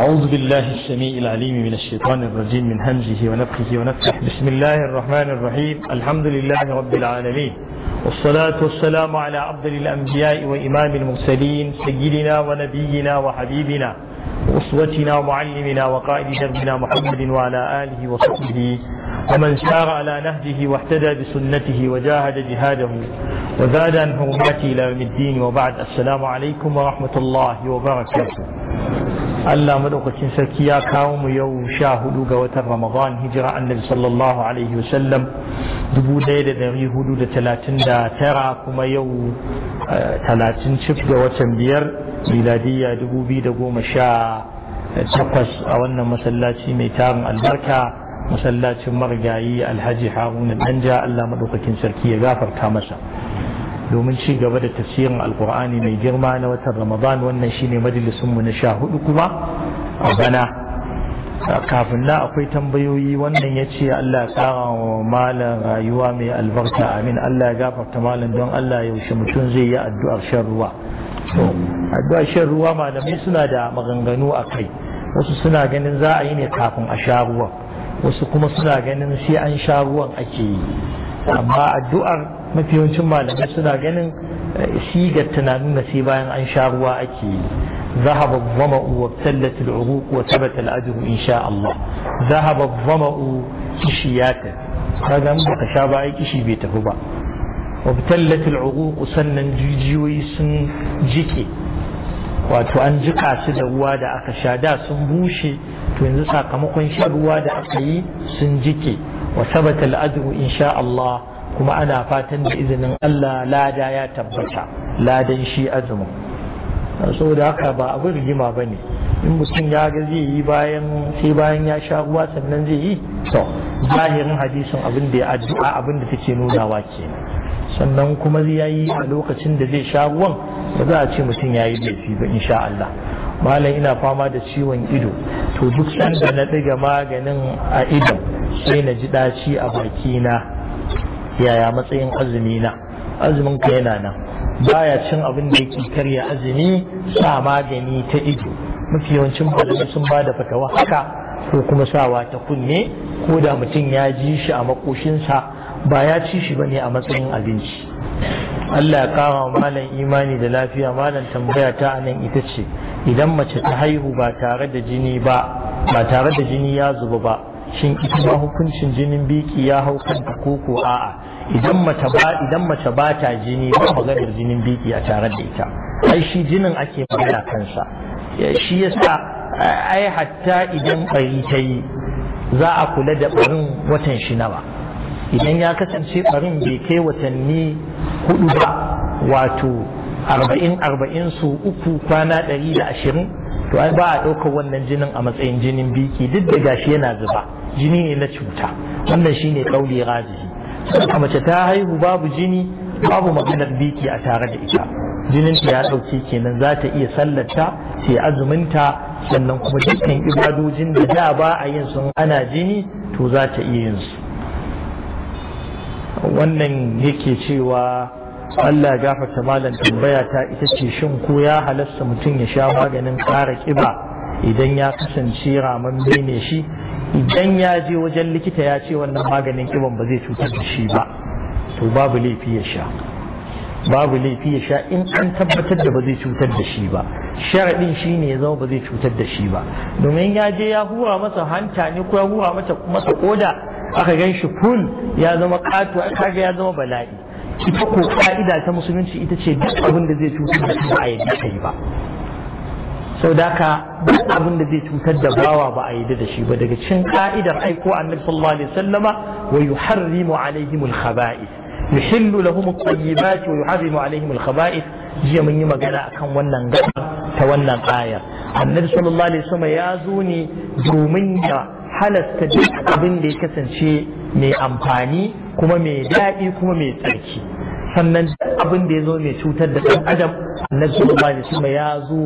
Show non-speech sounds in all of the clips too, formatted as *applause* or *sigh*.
أعوذ بالله السميع العليم من الشيطان الرجيم من همزه ونفخه ونفخه بسم الله الرحمن الرحيم الحمد لله رب العالمين والصلاة والسلام على عبد الأنبياء وإمام المرسلين سيدنا ونبينا وحبيبنا وأسوتنا ومعلمنا وقائد دربنا محمد وعلى آله وصحبه ومن سار على نهجه واهتدى بسنته وجاهد جهاده وزاد عن حرماته إلى يوم الدين وبعد السلام عليكم ورحمة الله وبركاته Allah madaukakin sarki ya kawo mu yau sha hudu ga watan Ramadan hijira annabi sallallahu alaihi wasallam dubu ɗaya da dari hudu da talatin da tara kuma yau eh, talatin cif ga watan biyar miladiyya dubu biyu da goma sha takwas a wannan masallaci mai tarin albarka masallacin marigayi alhaji haruna danja Allah madaukakin sarki ya gafarta masa domin ci gaba da tafsirin alkur'ani mai girma na watan ramadan wannan shine majalisunmu na sha hudu kuma a bana kafin na akwai tambayoyi wannan ya ce Allah ya tsara wa malam rayuwa mai albarka amin Allah ya gafarta malam don Allah yaushe mutum zai yi addu'ar shan ruwa addu'ar shan ruwa malamai suna da maganganu a kai wasu suna ganin za a yi ne kafin a sha ruwan wasu kuma suna ganin sai an sha ruwan ake yi amma addu'ar mafi malamai suna ganin eh, sigar tunanin na sai bayan an sha ruwa ake yi ذهب الظمأ وابتلت العروق وثبت الأجر إن شاء الله ذهب الظمأ كشياتا هذا متشابه أي كشي بيته با وابتلت العروق sannan jijiyoyi sun jike wato an jika su da ruwa da aka sha da sun bushe to yanzu sakamakon shan ruwa da aka yi sun jike wa sabata in insha Allah kuma ana fatan da izinin Allah lada ya tabbata ladan shi azumin da haka ba abin rigima ba ne in mutum ya ga zai yi bayan sai bayan ya sha ruwa sannan zai yi to zahirin hadisin abin da ya addu'a abin da take nunawa ke sannan kuma zai yi a lokacin da zai sha ruwan ba za a ce mutum ya yi laifi ba insha Allah malam ina fama da ciwon ido to duk sanda na ɗiga maganin a ido sai na ji ɗaci a bakina yaya matsayin azumi na azumin ka yana nan baya cin abin da yake karya azumi sa magani ta ido mafi yawancin malamai sun ba da fatawa haka ko kuma sawa ta kunne ko da mutum ya ji shi a makoshinsa ba ya ci shi bane a matsayin abinci Allah ya kawo malam imani da lafiya malam tambaya ta anan ita ce idan mace ta haihu ba tare da jini ba ba tare da jini ya zuba ba shin ita ma hukuncin jinin biki ya hau kanta ko ko a'a idan mace ba idan mace ba ta jini ba maganar jinin biki a tare da ita ai shi jinin ake magana kansa shi yasa ai hatta idan bari ta yi za a kula da barin watan shi nawa idan ya kasance barin bai kai watanni hudu ba wato arba'in arba'in su uku kwana ɗari da ashirin to ai ba a ɗaukar wannan jinin a matsayin jinin biki duk da gashi yana zuba jini ne na cuta wannan shine kauli rajihi a mace ta haihu babu jini babu maganar biki a tare da ita jinin ya ɗauke kenan za ta iya sallarta sai azuminta sannan kuma dukkan ibadojin da da ba a yin sun ana jini to za ta iya yin su wannan yake cewa Allah gafarta malam tambaya ta ita ce shin ko ya halasta mutum ya sha maganin ƙara ƙiba idan ya kasance ramamme ne shi idan ya je wajen likita ya ce wannan maganin ƙiban ba zai cutar da shi ba to babu laifi ya sha babu laifi ya sha in an tabbatar da ba zai cutar da shi ba sharaɗin shi ne ya zama ba zai cutar da shi ba domin ya je ya hura masa hanta ne ko ya hura masa koda aka gan shi ful ya zama ƙato aka ya zama bala'i ita ko ka'ida ta musulunci ita ce duk abin da zai cutar da ba a yadda ka yi ba sau da ka duk abin da zai cutar da bawa ba a yadda da shi ba daga cin ka'idar aiko annabi sallallahu alaihi wasallama wa yuharrimu alaihimul khaba'ith yuhillu lahum at-tayyibat wa yuharrimu alaihimul khaba'ith jiya mun yi magana akan wannan gaba ta wannan ayar annabi sallallahu alaihi wasallam ya zo ne domin ya halasta duk abin da ya kasance mai amfani kuma mai daɗi kuma mai tsarki sannan abin da ya zo mai cutar da ɗan adam annabi sallallahu alaihi wasallam ya zo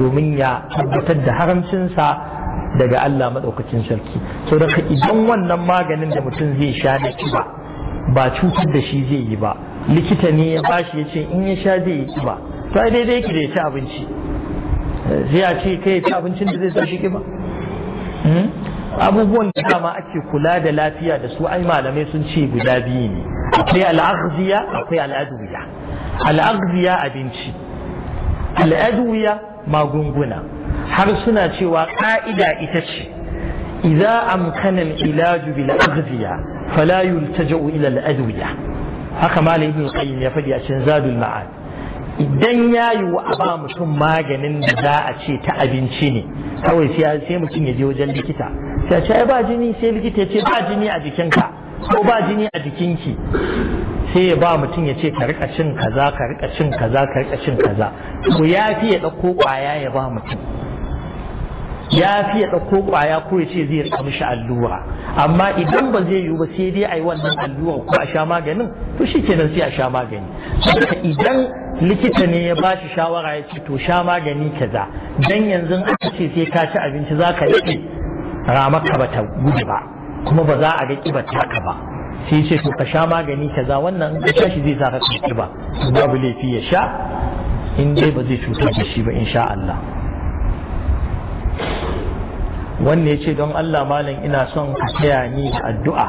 domin ya tabbatar da haramcinsa daga Allah madaukakin sarki so da idan wannan maganin da mutum zai sha da ba ba cutar da shi zai yi ba likita ne ya bashi ya ce in ya sha zai yi kiba to ai daidai ki da ya ci abinci sai a ce kai ya ci abincin da zai sa shi kiba hmm? abubuwan da dama ake kula da lafiya da su ai malamai sun ce guda biyu ne akwai al'aghziya akwai al'adwiya al'aghziya abinci al'adwiya magunguna har suna cewa ka'ida ita ce idza amkana al-ilaju bil aghziya fala yultaja'u ila al-adwiya haka malam ibn qayyim ya fadi a cikin zadul ma'ad idan ya yi wa ba mutum maganin da za a ce ta abinci ne kawai sai mutum ya je wajen likita sai ce ba jini sai likita ya ce ba jini a jikinka ko ba jini a jikinki sai ya ba mutum ya ce ka rika cin kaza ka rika cin kaza ka rika cin kaza to ya fi ya ɗauko kwaya ya ba mutum ya fi ya ɗauko ƙwaya ko ya ce zai riƙa mishi allura amma idan ba zai yiwu ba sai dai a yi wannan allura ko a sha maganin to shi kenan sai a sha magani saboda idan likita ne ya bashi shawara ya ce to sha magani kaza dan yanzu aka ce sai ka ci abinci za ka daɗe ramaka ba ta gudu ba kuma ba za a ga ƙibar taka ba sai ce to ka sha magani kaza wannan in ka sha shi zai sa ka ƙiba babu laifi ya sha in dai ba zai cutar da shi ba insha Allah wanne ya ce don Allah malam ina son ka taya ni a addu'a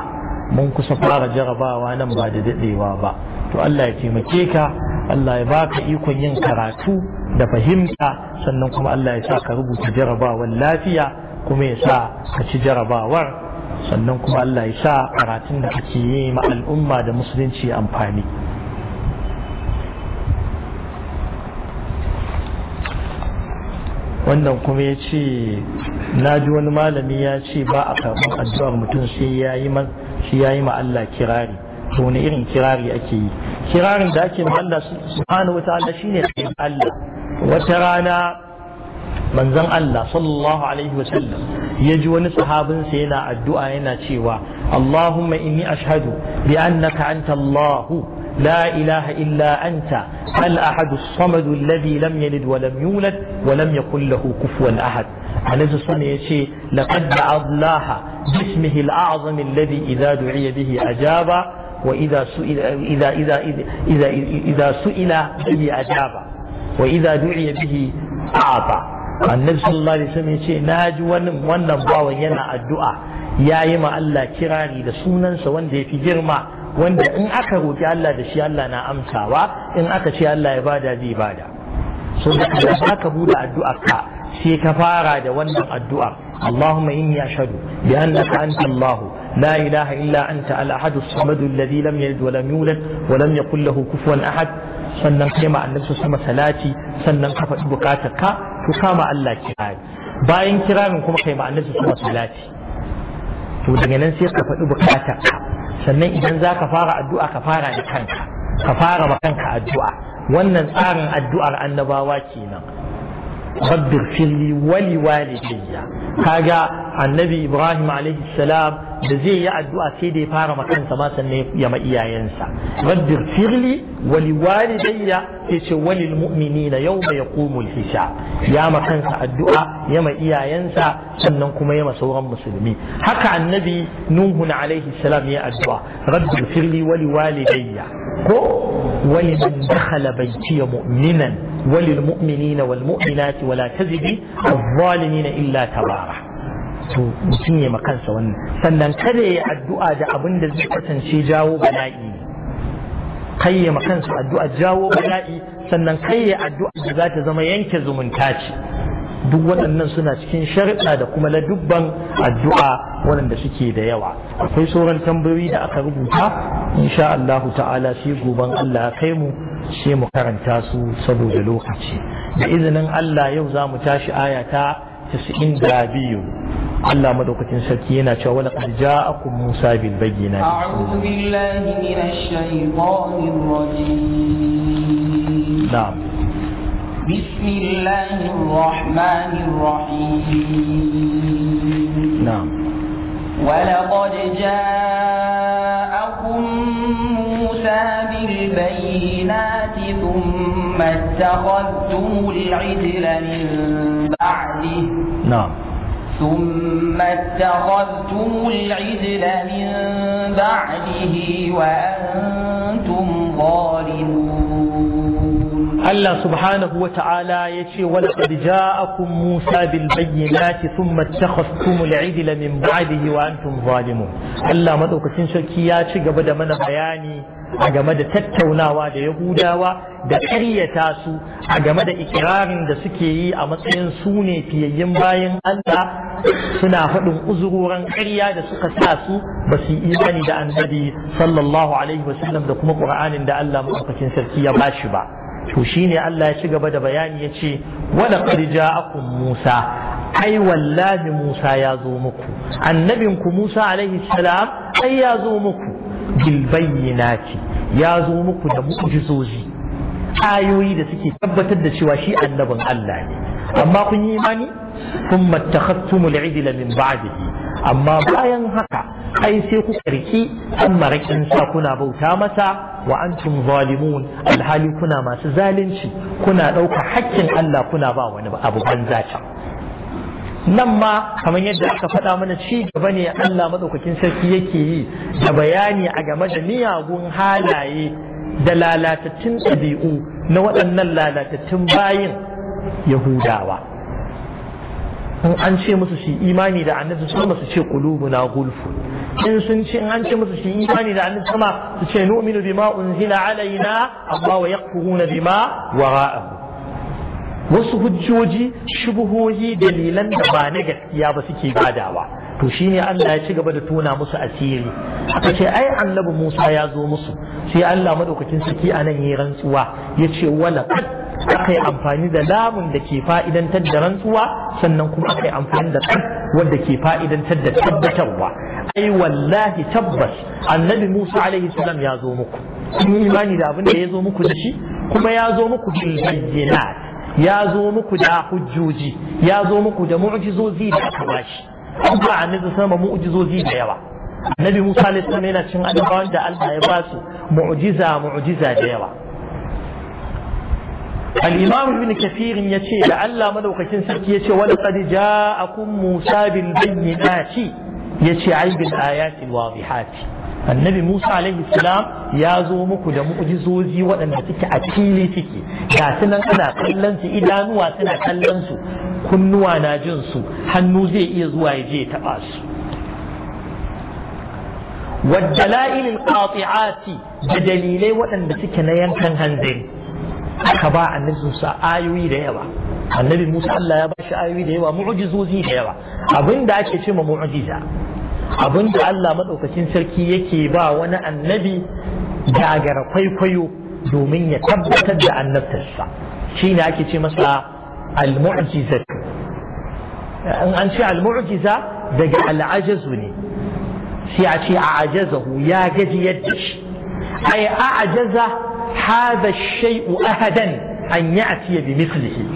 mun kusa fara jarabawa nan ba da daɗewa ba to Allah ya taimake ka Allah ya baka ikon yin karatu da fahimta sannan kuma Allah ya sa ka rubuta jarabawar lafiya kuma ya sa ka ci jarabawar sannan kuma Allah ya sa karatun da kake yi ma al'umma da musulunci amfani wannan kuma ya ce na ji wani malami ya ce ba a karɓar addu'ar mutum sai ya yi ma Allah kirari to wani irin kirari ake yi kirarin da ake ma Allah subhanahu wataala shine Allah wata rana manzon Allah sallallahu alaihi wasallam ya ji wani sahabinsa yana addu'a yana cewa Allahumma inni ashhadu bi annaka anta Allahu لا إله إلا أنت الأحد الصمد الذي لم يلد ولم يولد ولم يقل له كفوا أحد عليه الصلاة شيء لقد دعا الله باسمه الأعظم الذي إذا دعي به أجاب وإذا سئل إذا إذا إذا إذا, إذا سئل به أجاب وإذا دعي به أعطى النبي صلى الله عليه وسلم na ناجوا wannan bawan yana addu'a yayi ma Allah kirari سوان دي في yafi wanda in aka roƙi Allah da shi Allah na amsawa in aka ce Allah ya bada zai bada so da ka buɗe addu'a ka sai ka fara da wannan addu'a Allahumma inni ashadu bi annaka anta Allah la ilaha illa anta al-ahad as-samad alladhi lam yalid wa wa ahad sannan kai ma annabi sama salati sannan ka faɗi bukatar ka to kama Allah kirari bayan kirarin kuma kai ma annabi sama salati to daga nan sai ka faɗi bukatar ka sannan idan za ka fara addu'a ka fara da kanka ka fara ma kanka addu'a wannan tsarin addu'ar annabawa kenan rabbi fili wali Ka ga annabi ibrahim alaihi salam da zai yi addu'a sai da ya fara makansa ma sannan ya ma iyayensa rabbir firli wali walidayya ya ce wali mu'minina yawma yaqumul hisab ya makansa addu'a ya ma iyayensa sannan kuma ya ma sauran musulmi haka annabi nuhun alaihi salam ya addu'a rabbir firli wali walidayya ko wali man dakhala mu'minan wali mu'minina wal وللمؤمنين wala tazidi adh الظالمين illa tabara to mutum ya makansa wannan sannan kada ya addu'a da abin da zai kwatance jawo bala'i kai ya makansa addu'a jawo bala'i sannan kai ya addu'a da za ta zama yanke zumunta ce duk waɗannan suna cikin sharɗa da kuma ladubban addu'a waɗanda suke da yawa akwai sauran tambayoyi da aka rubuta insha Allah ta'ala sai goban Allah kai mu sai mu karanta su saboda lokaci da izinin Allah yau za mu tashi aya ta 92 الله مدوكتين سكينة ولقد جاءكم موسى بالبينات أعوذ بالله من الشيطان الرجيم نعم بسم الله الرحمن الرحيم نعم ولقد جاءكم موسى بالبينات ثم اتخذتم العجل من بعده نعم ثم اتخذتم العجل من بعده وأنتم ظالمون الله سبحانه وتعالى يشي ولقد جاءكم موسى بالبينات ثم اتخذتم العجل من بعده وأنتم ظالمون الله مدوك سنشكي يا شي قبل من بياني a game da tattaunawa da yahudawa da karyata su a game da ikirarin da suke yi a matsayin su ne fiyayyen bayan Allah suna faɗin uzuroran karya da suka sa su ba su imani da annabi sallallahu alaihi wasallam da kuma ƙur'anin da Allah maɗaukakin sarki ya bashi ba to shine Allah ya ci gaba da bayani ya ce wala qad ja'akum Musa ai wallahi Musa ya zo muku annabinku Musa alaihi salam ai ya zo muku bil ce ya zo muku da mu'jizozi ayoyi da suke tabbatar da cewa shi annabin Allah ne amma kun yi imani kun mattakhassumu al'ijla min ba'dihi amma bayan haka ai sai ku karki an marakin sa kuna bauta masa wa antum zalimun alhali kuna masu zalunci kuna ɗauka haƙƙin Allah kuna ba wani abu banza can nan ma kamar yadda aka faɗa mana ci gaba ne Allah maɗaukakin sarki yake yi da bayani a game da miyagun halaye da lalatattun ɗabi'u na waɗannan lalatattun bayin Yahudawa in an ce musu shi imani da annabi sama su ce na gulfu in sun ce in an ce musu shi imani da annabi sama su ce nu'minu bima unzila alaina amma wa yakfuruna bima wara'ahu wasu hujjoji shubuhohi dalilan da ba na gaskiya ba suke badawa to shine Allah ya ci gaba da tona musu asiri aka ce ai annabi Musa ya zo musu sai Allah madaukakin saki anan yi rantsuwa yace wala aka yi amfani da lamun da ke fa'idantar da rantsuwa sannan kuma akai amfani da kan wanda ke faidan da tabbatarwa ai wallahi tabbas annabi Musa alaihi salam ya zo muku kun imani da abin da ya zo muku da shi kuma ya zo muku bil bayyinat ya zo muku da hujjoji ya zo muku da mu'jizozi da aka kuma an ba annabi sama mu'jizozi da yawa annabi Musa alaihi salam yana cin adaba da Allah ya ba su mu'jiza mu'jiza da yawa الإمام ابن كثير يشي لعل ملوك كنسك يشي ولقد جاءكم موسى بالبينات يشي عيب الآيات الواضحات annabi Musa alaihi salam ya zo muku da mu'jizozi waɗanda suke a fili suke ga su nan ana kallon su idanuwa suna kallon su kunnuwa na jin su hannu zai iya zuwa ya je ya taɓa su والدلائل القاطعات بدليلي وأن سكن ينكن هنزل كبا النبي موسى آيوي ديوا النبي موسى الله يباش آيوي ديوا معجزوزي ديوا أبن داك يشم معجزة Abin da Allah maɗaukakin sarki yake ba wani annabi gagara kwaikwayo domin ya tabbatar da annabtarsa shi ne ake ce masa al-mu'jiza in an ce al-mu'jiza daga al'ajazu ne sai a ce a ajazahu ya gaji yadda shi ai a ajaza hada shay'u ahadan an ya'tiya bi mislihi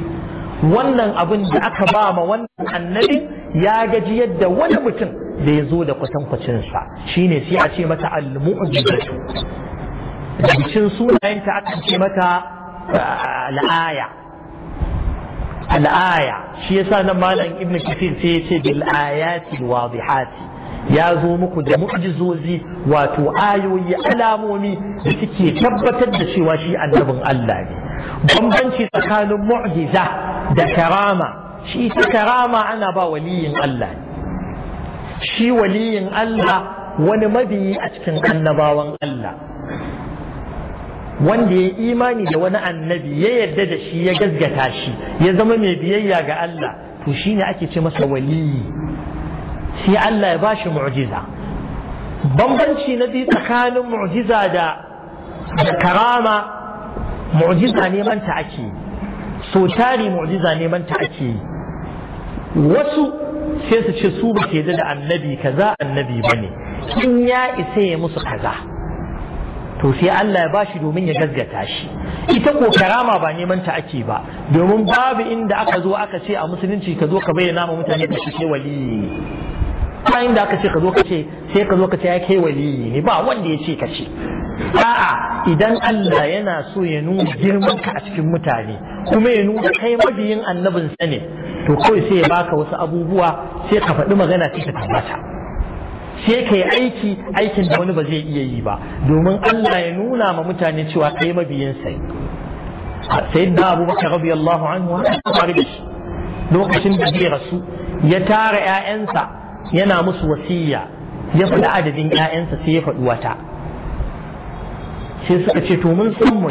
wannan abin da aka ba ma wannan annabi ya gaji yadda wani mutum da ya zo da sa shine sai a ce mata al-mu'jizatu cikin sunayen ta aka ce mata al-aya al-aya shi yasa nan malam ibn kafir sai ya ce bil ayati wadihati ya zo muku da mu'jizozi wato ayoyi alamomi da suke tabbatar da cewa shi annabin Allah ne bambanci tsakanin mu'jiza da karama shi ta karama ana ba waliyin Allah ne shi waliyin Allah wani mabiyi a cikin annabawan Allah wanda ya imani da wani annabi ya yarda da shi ya gazgata shi ya zama mai biyayya ga Allah to shine ake ce masa waliyi sai Allah ya bashi mu'jiza bambanci na biyu tsakanin mu'jiza da da karama mu'jiza neman ta ake so tari mu'jiza neman ta ake wasu sai su ce su ba ke da annabi kaza annabi ba ne in ya isa ya musu kaza to sai Allah ya bashi domin ya gaggata shi ita ko karama ba neman ta ake ba domin babu inda aka zo aka ce a musulunci ka zo ka bayyana ma mutane ka ce wali ba inda aka ce ka zo ka ce sai ka zo ka ce ya kai wali ne ba wanda ya ce ka ce a'a idan Allah yana so ya nuna girman ka a cikin mutane kuma ya nuna kai mabiyin annabinsa ne to kawai sai ya baka wasu abubuwa sai ka faɗi magana sai ka tabbata sai ka yi aiki aikin da wani ba zai iya yi ba domin Allah ya nuna ma mutane cewa kai mabiyin sai Abu abubakar radiyallahu anhu ana da shi lokacin da zai rasu ya tara ƴaƴansa yana musu wasiya ya faɗi adadin ƴaƴansa sai ya faɗi wata sai suka ce to mun san mu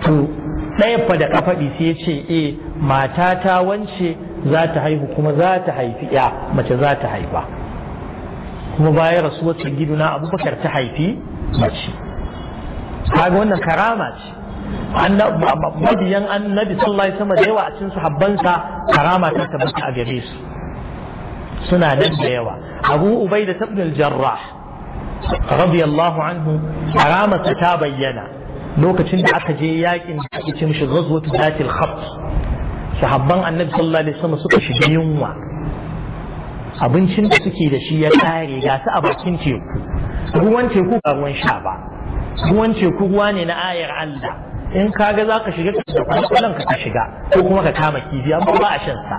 to ɗaya fa da kafaɗi sai ya ce eh ta wance za ta haihu kuma za ta haifi ya mace za ta haifa kuma bayan rasuwar giduna abubakar ta haifi mace kaga wannan karama ce mabiyan annabi sallallahu alaihi wasallam da yawa a cikin sahabbansa karama ta tabbata a gare su suna nan da yawa abu ubaida da al-jarrah radiyallahu anhu karama ta bayyana lokacin da aka je yakin da ake ce mishi ghazwatu zatil sahabban annabi sallallahu alaihi wasallam suka shiga yunwa abincin da suke da shi ya tsare, ga su a bakin teku ruwan teku ba ruwan sha ba ruwan teku ruwa ne na ayar Allah in kaga za ka shiga da kwallon ka shiga ko kuma ka kama kifi amma ba a shan sa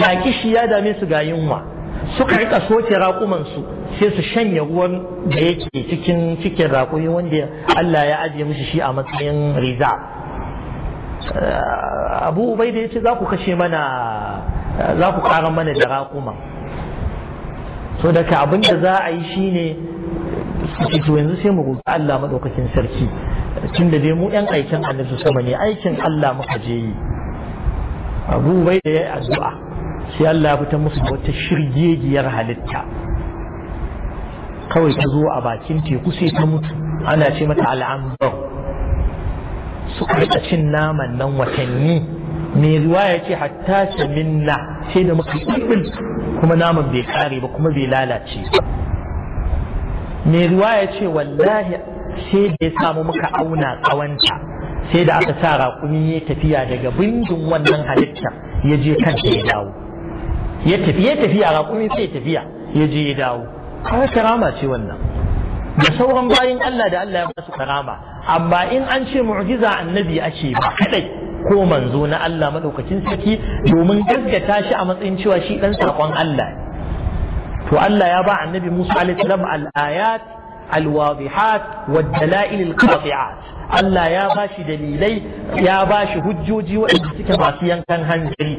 ya kishi ya dame su ga yunwa suka rika soke raƙuman su sai su shanya ruwan da yake cikin cikin raƙumi wanda Allah ya ajiye mishi shi a matsayin riza Eh, abu ubai da ya ce za ku kashe mana eh, za ku mana da raƙuma so daga abin da za a yi shine to yanzu sai mu roƙi Allah maɗaukakin sarki tun da dai mu ɗan aikin annabi sama ne aikin Allah muka je yi abu ubai da ya yi addu'a sai Allah ya musu da wata shirgegiyar halitta kawai ta zo a bakin teku sai ta mutu ana ce mata al'ambar suka rika cin naman nan watanni mai ya ce hatta ta minna sai da muka ɗiɓil kuma naman bai kare ba kuma bai lalace ba. mai ya ce wallahi sai da ya samu muka auna tsawonta sai da aka sa raƙumi ya tafiya daga bindin wannan halitta ya je kan ya dawo ya tafiya tafiya raƙumi sai tafiya ya je ya dawo kawai karama ce wannan da sauran bayin Allah da Allah ya ba su karama amma in an ce mu'jiza annabi ake ba kadai ko manzo na Allah madaukakin sarki domin gaskata shi a matsayin cewa shi dan sakon Allah to Allah ya ba annabi Musa alaihi salam al-ayat al-wadihat wad-dalail al-qati'at Allah ya ba shi dalilai ya ba shi hujjoji waɗanda suke masu yankan hanzari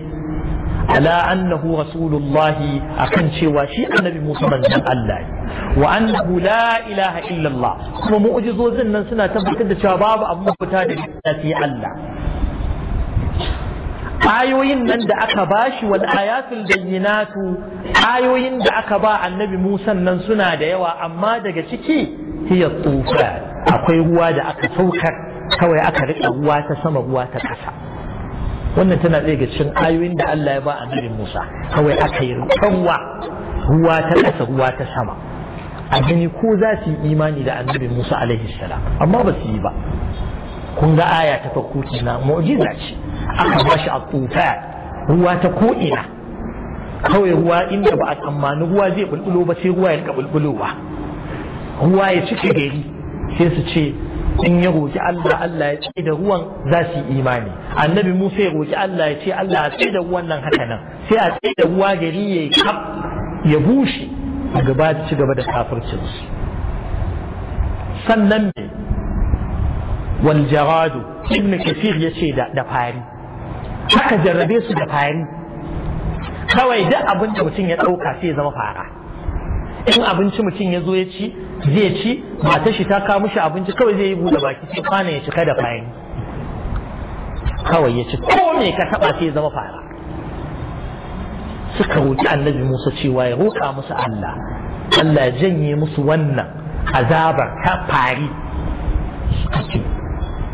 ala annahu rasulullahi akan cewa shi annabi Musa manzon Allah ne wa annahu la ilaha illallah kuma mu'jizozin nan suna tabbatar da cewa babu abin mafita da sai Allah ayoyin nan da aka bashi wal ayatul bayyinatu ayoyin da aka ba annabi Musa nan suna da yawa amma daga ciki hiya tufa akwai ruwa da aka saukar kawai aka riƙa ruwa ta sama ruwa ta kasa wannan tana ɗaya cikin ayoyin da Allah ya ba annabi Musa kawai aka yi ruwa ruwa ta ƙasa ruwa ta sama a gani ko za su yi imani da annabin Musa alaihi salam amma ba su yi ba kun ga aya ta farko na mu'jiza ce aka ba shi a ruwa ta ko'ina, kawai ruwa inda ba a tsammani ruwa zai bulbulo ba sai ruwa ya rika bulbulowa ruwa ya cike gari sai su ce in ya roƙi Allah Allah ya ce da ruwan za su yi imani annabi Musa ya roki Allah ya ce Allah ya ce da ruwan nan haka nan sai a ce da ruwa gari ya kaf ya bushe gaba ci gaba da kafircin su sannan me wal jaradu ibn kafir ya ce da fari haka jarrabe su da fari kawai duk abin da mutum ya ɗauka sai ya zama fara in abinci mutum ya zo ya ci zai ci matar shi ta kawo mishi abinci kawai zai yi buɗe baki sai kwanan ya cika da bayan kawai ya ci ko me ka taba sai ya zama fara suka roki annabi Musa cewa ya roƙa musu Allah Allah ya janye musu wannan azabar ta fari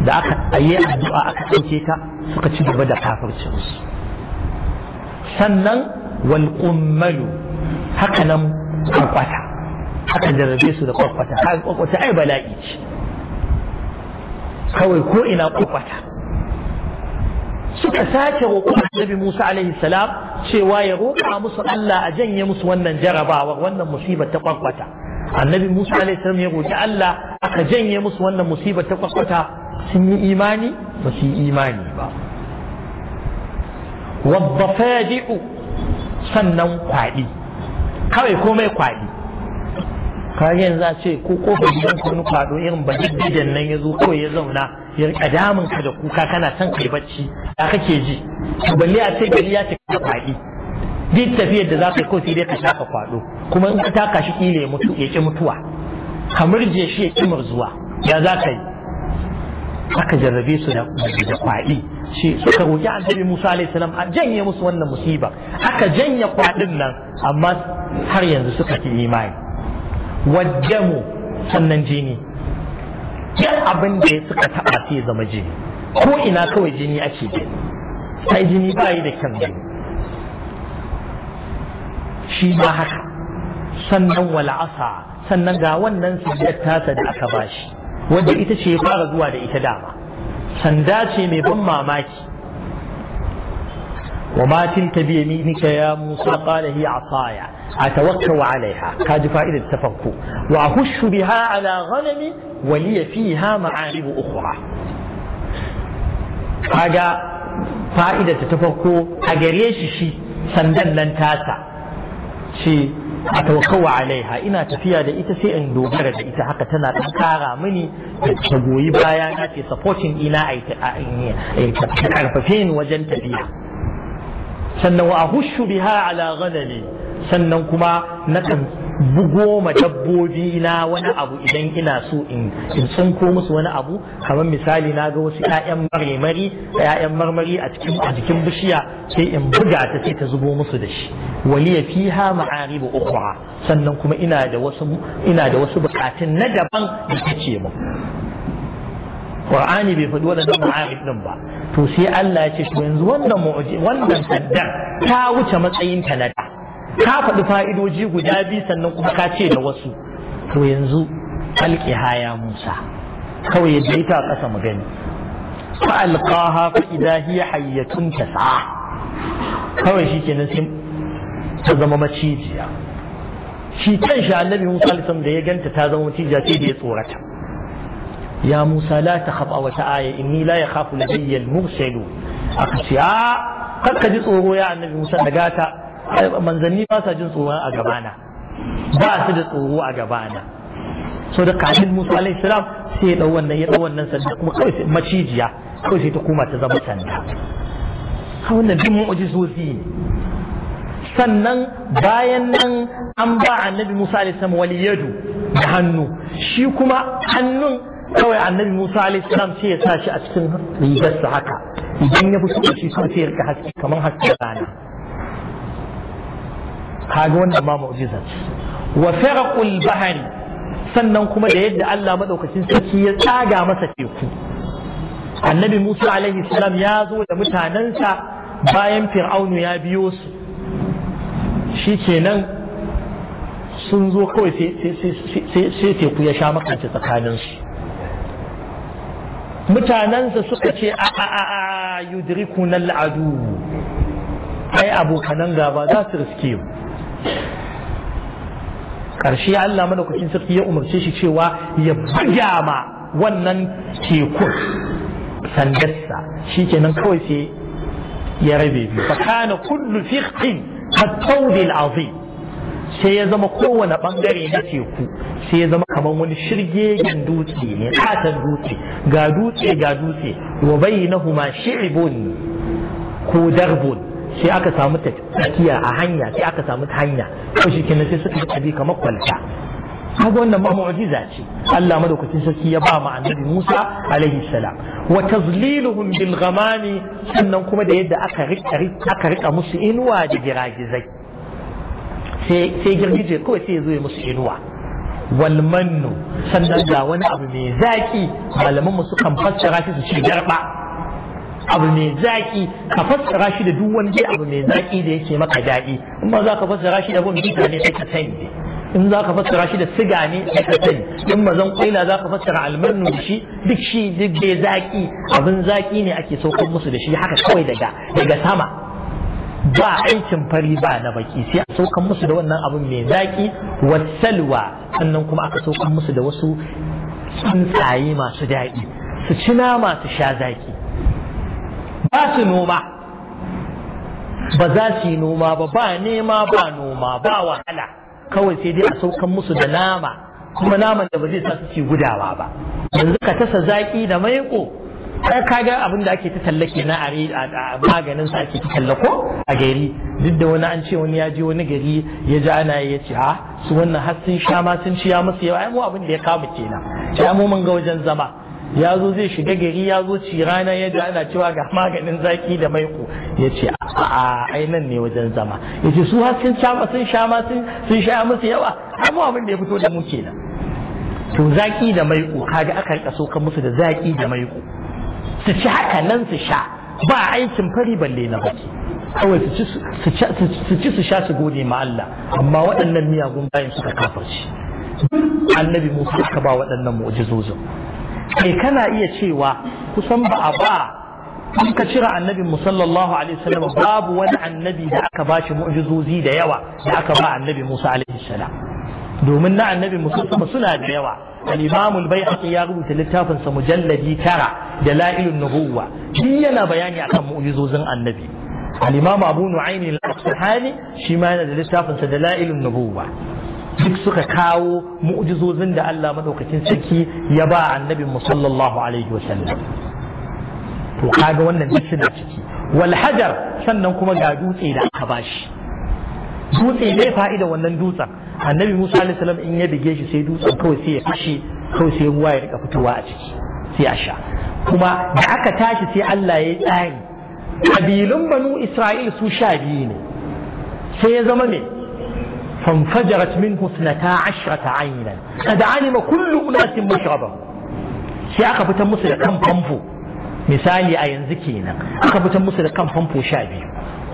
da aka yi addu'a aka ɗauke ta suka ci gaba da kafircinsu sannan wal hakanan kwakwata aka jarrabe su da kwakwata har kwakwata ai bala'i ce kawai ko ina kwakwata suka sace roƙon annabi Musa alaihi salam cewa ya roƙa musu Allah a janye musu wannan jarabawa wannan musibar ta kwakwata annabi Musa alaihi salam ya roƙi Allah aka janye musu wannan musibar ta kwakwata sun yi imani ba su yi imani ba wadda sannan kwaɗi kawai komai kwaɗi kaga yanzu ce ko kofar gidan kunu kwaɗo irin gidan nan ya zo ko ya zauna ya rika ka da kuka kana son kai bacci da kake ji balle a ce gari ya cika kwaɗi duk tafiyar da za ka yi ko sai dai ka shafa kwaɗo kuma in ka taka shi kila ya mutu ya ki mutuwa kamar je shi ya ki murzuwa ya za ka yi aka jarrabe su da kwaɗi shi suka roƙi annabi Musa alaihi salam a janye musu wannan musiba aka janye kwaɗin nan amma har yanzu suka fi imani wajemu sannan jini yan abin da ya suka taɓa ya zama jini ko ina kawai jini ake gani sai jini ba yi da kyan shi ma haka sannan wala asa sannan ga wannan sujjar tasa da aka bashi wanda ita ce ya fara zuwa da ita dama sanda ce mai ban mamaki وما تلك بيمينك يا موسى قال هي عصايا أتوكل عليها كاد فائدة التفكو وأهش بها على غنمي ولي فيها معارب أخرى حاجة فائدة التفكو أجريش شي سندن لن تاسع شي أتوكل عليها إنا تفيا da ita sai in dogara da ita haka tana ɗan ƙara mini ta goyi baya na ce supporting ina اي ta ƙarfafe ni wajen sannan wa ahushu biha ala ghanami sannan kuma na kan bugo ma dabbobi na wani abu idan ina so in san in ko musu wani abu kamar misali na ga wasu 'ya'yan marmari 'ya'yan marmari a cikin a jikin bishiya sai in buga ta sai ta zubo musu da shi wali ya fiha ma'aribu ukhra sannan kuma ina da wasu ina da wasu bukatun na daban da kace mu qur'ani bai faɗi waɗannan ma'arif din ba to sai Allah ya ce to yanzu wannan wannan saddar ta wuce matsayin ta na ka faɗi fa'idoji guda biyu sannan kuma ka ce da wasu to yanzu alƙiha haya Musa kawai ya daita ƙasa mu gani fa alqaha fa idha hiya hayyatun tas'a kawai shikenan sai ta zama macijiya shi kan shi annabi Musa da ya ganta ta zama macijiya sai da ya tsorata ya Musa la تخف aw ta'aya inni la يخاف لدي المرسل mursalu aka ce a kakka ji tsoro ya annabi Musa daga ta manzanni ba jin tsoro a gabana ba su da tsoro a السلام so da salam sai ya wannan ya dau wannan sanda kuma sai macijiya kai sai ta koma ta zama sanda wannan mu'jizozi ne sannan bayan nan an ba annabi Musa alaihi salam waliyadu da hannu shi kuma hannun kawai annabi Musa alaihi salam sai ya sa shi a cikin rigarsa haka idan ya fito da shi kuma sai ya rika haske kamar haske rana kaga wannan ma mu'jiza wa farqul bahri sannan kuma da yadda Allah madaukakin sarki ya tsaga masa teku annabi Musa alaihi salam ya zo da mutanensa bayan fir'aunu ya biyo su shi kenan sun zo kawai sai teku ya sha makance tsakaninsu mutanensa suka ce a a a a yudriku na al'adu ai abokanan gaba za su riske mu ƙarshe Allah madaukakin sarki ya umarce shi cewa ya buga ma wannan tekun sandarsa shi kenan kawai sai ya rabe biyu fa kana kullu fiqhin ka tawdil azim sai ya zama kowane bangare na teku sai ya zama kamar wani shirgegen dutse ne katon dutse ga dutse ga dutse wa bainahuma shi'bun ko darbun sai aka samu tsakiya a hanya sai aka samu hanya ko shi kenan sai suka tabi kamar kwalta kaga wannan ma mu'jiza ce Allah madaukakin sarki ya ba mu annabi Musa alaihi salam wa tazliluhum bil ghamami sannan kuma da yadda aka rika aka rika musu inuwa da giragizai sai girgije kawai sai ya zo ya musu inuwa walmannu sannan ga wani abu mai zaki malaman mu sukan fassara shi su ce garba abu mai zaki ka fassara shi da duk wani abu mai zaki da yake maka daɗi in ba za ka fassara shi da bin bita ne sai ka sani in za ka fassara shi da siga ne sai ka sani in mazan kwaila za ka fassara almannu da shi duk shi duk dai zaki abin zaki ne ake saukan musu da shi haka kawai daga daga sama ba aikin fari ba na baki sai a saukan musu da wannan abin mai zaki wasalwa sannan kuma aka saukan musu da wasu tsuntsaye masu daɗi su ci nama su sha zaki ba su noma ba za su yi noma ba ba nema ba noma ba wahala kawai sai dai a saukan musu da nama kuma naman da ba zai sa su ci gudawa ba yanzu ka tasa zaki da maiko kai kaga abin da ake ta tallake na a maganin sa ake ta tallako a gari duk da wani an ce wani ya je wani gari ya ji ana ya ce ha su wannan har sun sha ma sun ci ya musu yawa ai mu abin da ya kama kenan sai mu mun ga wajen zama ya zo zai shiga gari ya zo ci rana ya ji ana cewa ga maganin zaki da ku ya ce a ai nan ne wajen zama ya ce su har sun sha ma sun sha ma sun sha musu yawa ai mu abin da ya fito da mu kenan to zaki da ku kaga aka kaso so kan musu da zaki da ku su ci haka nan su sha ba aikin fari balle na baki kawai su ci su sha su gode ma Allah amma waɗannan miyagun bayan suka kafarci annabi Musa aka ba waɗannan mu'jizozin kai kana iya cewa kusan ba a ba an ka cira annabi sallallahu alaihi wasallam babu wani annabi da aka ba shi mu'jizozi da yawa da aka ba annabi Musa alaihi salam domin na annabi Musa suna da yawa al-imam al ya rubuta littafinsa mujalladi tara da nubuwa shi yana bayani akan mu'jizozin annabi al-imam abu nu'aym al-asfahani shi ma yana da littafinsa sa dalailun nubuwa duk suka kawo mu'jizozin da Allah madaukakin sarki ya ba annabin mu sallallahu alaihi wa sallam to kaga wannan duk suna ciki wal hajar sannan kuma ga dutse da aka bashi dutse zai fa'ida wannan dutsen annabi musa alaihi salam in ya bige shi sai dutsen kawai sai ya fashe kawai sai ruwa ya rika fitowa a ciki sai a sha kuma da aka tashi sai Allah ya tsari kabilun banu isra'il su sha biyu ne sai ya zama ne فانفجرت منه اثنتا عشرة عينا قد anima كل أناس مشربه sai aka fitar musu da kan famfo misali a yanzu kenan aka fitar musu da kan famfo sha biyu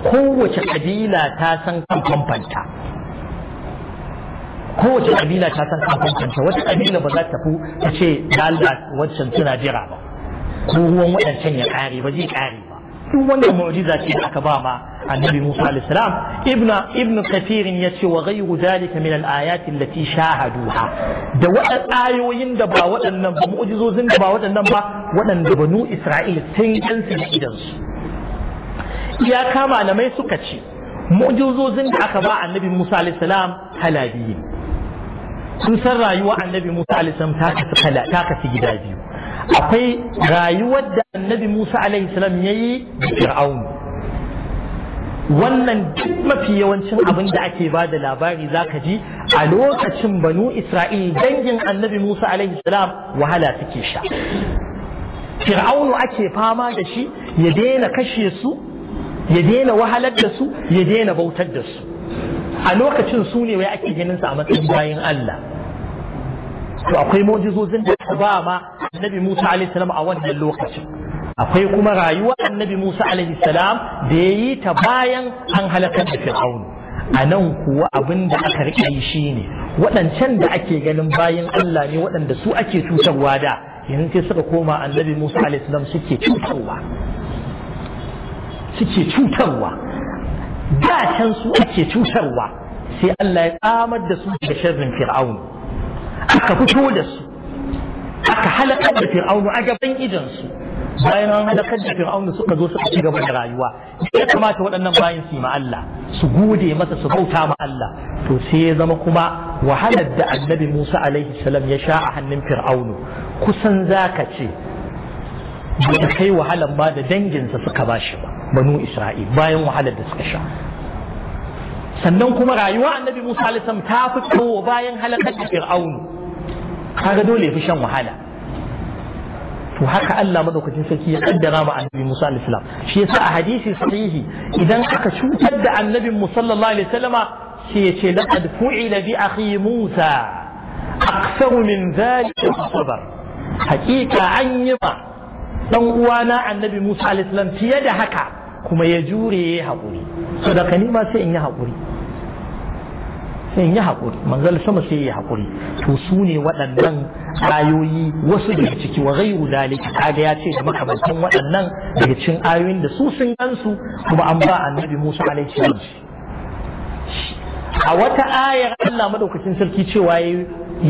kowace kabila ta san kan famfanta kowace kabila ta san kan famfanta wata kabila ba za ta fi ta ce lalla wancan suna jira ba ko ruwan waɗancan ya ƙare ba zai ƙare ba duk wannan mu'jiza ce da aka ba ma annabi Musa alayhi salam Ibn ibnu kathir ya ce wa ghayru zalika min al-ayat allati shahaduha da waɗannan ayoyin da ba waɗannan ba mu'jizozin da ba waɗannan ba waɗanda banu Isra'il sun gansu da idansu ya ka malamai suka ce mu'jizozin da aka ba annabi Musa alaihi salam hala biyu sun san rayuwa annabi Musa alaihi salam ta kasu ta kasu gida biyu akwai rayuwar da annabi Musa alaihi salam yayi da Fir'aun wannan duk mafi yawancin abin da ake ba da labari zaka ji a lokacin banu Isra'il dangin annabi Musa alaihi salam wahala suke sha Fir'aunu ake fama da shi ya daina kashe su ya daina wahalar da su ya daina bautar da su a lokacin su ne wai ake ganin su a matsayin bayan Allah to akwai mujizozin da ba ma annabi Musa alaihi salam a wannan lokacin akwai kuma rayuwar annabi Musa alaihi salam da yayi ta bayan an halakar da Fir'aun a nan kuwa abin da aka rike shi ne waɗancan da ake ganin bayan Allah ne waɗanda su ake cutarwa da yanzu sai suka koma annabi Musa alaihi salam suke cutarwa suke cutarwa da can su ake cutarwa sai Allah ya tsamar da su daga sharrin fir'aunu, aka fito da su aka halakar da fir'aunu a gaban su, bayan an halakar da fir'aunu suka zo suka ci gaba da rayuwa ya kamata waɗannan bayan su ma Allah su gode masa su bauta ma Allah to sai ya zama kuma wahalar da annabi Musa alaihi salam ya sha a hannun fir'aunu kusan zaka ce ba kai wahalar ba da danginsa suka ba shi ba banu isra'il bayan wahalar da suka sha sannan kuma rayuwa annabi musa alisam ta fi tsawo bayan halakar da fir'aunu kaga dole fi shan wahala to haka Allah madaukakin sarki ya kaddara ma annabi Musa alaihi shi yasa a hadisi sahihi idan aka cutar da annabin mu sallallahu alaihi wasallama sai ya ce laqad fu'ila bi akhi Musa aktsaru min dhalika sabar hakika an yi ba dan uwana annabi Musa alaihissalam fiye da haka kuma ya jure ya haƙuri so da ni ma sai in yi haƙuri sai in yi haƙuri manzal sama sai ya haƙuri to su ne waɗannan ayoyi wasu daga ciki wa ghairu dalika kaga ya ce da makamantan waɗannan daga cikin ayoyin da su sun gansu kuma an ba annabi Musa alaihissalam a wata ayar Allah madaukakin sarki cewa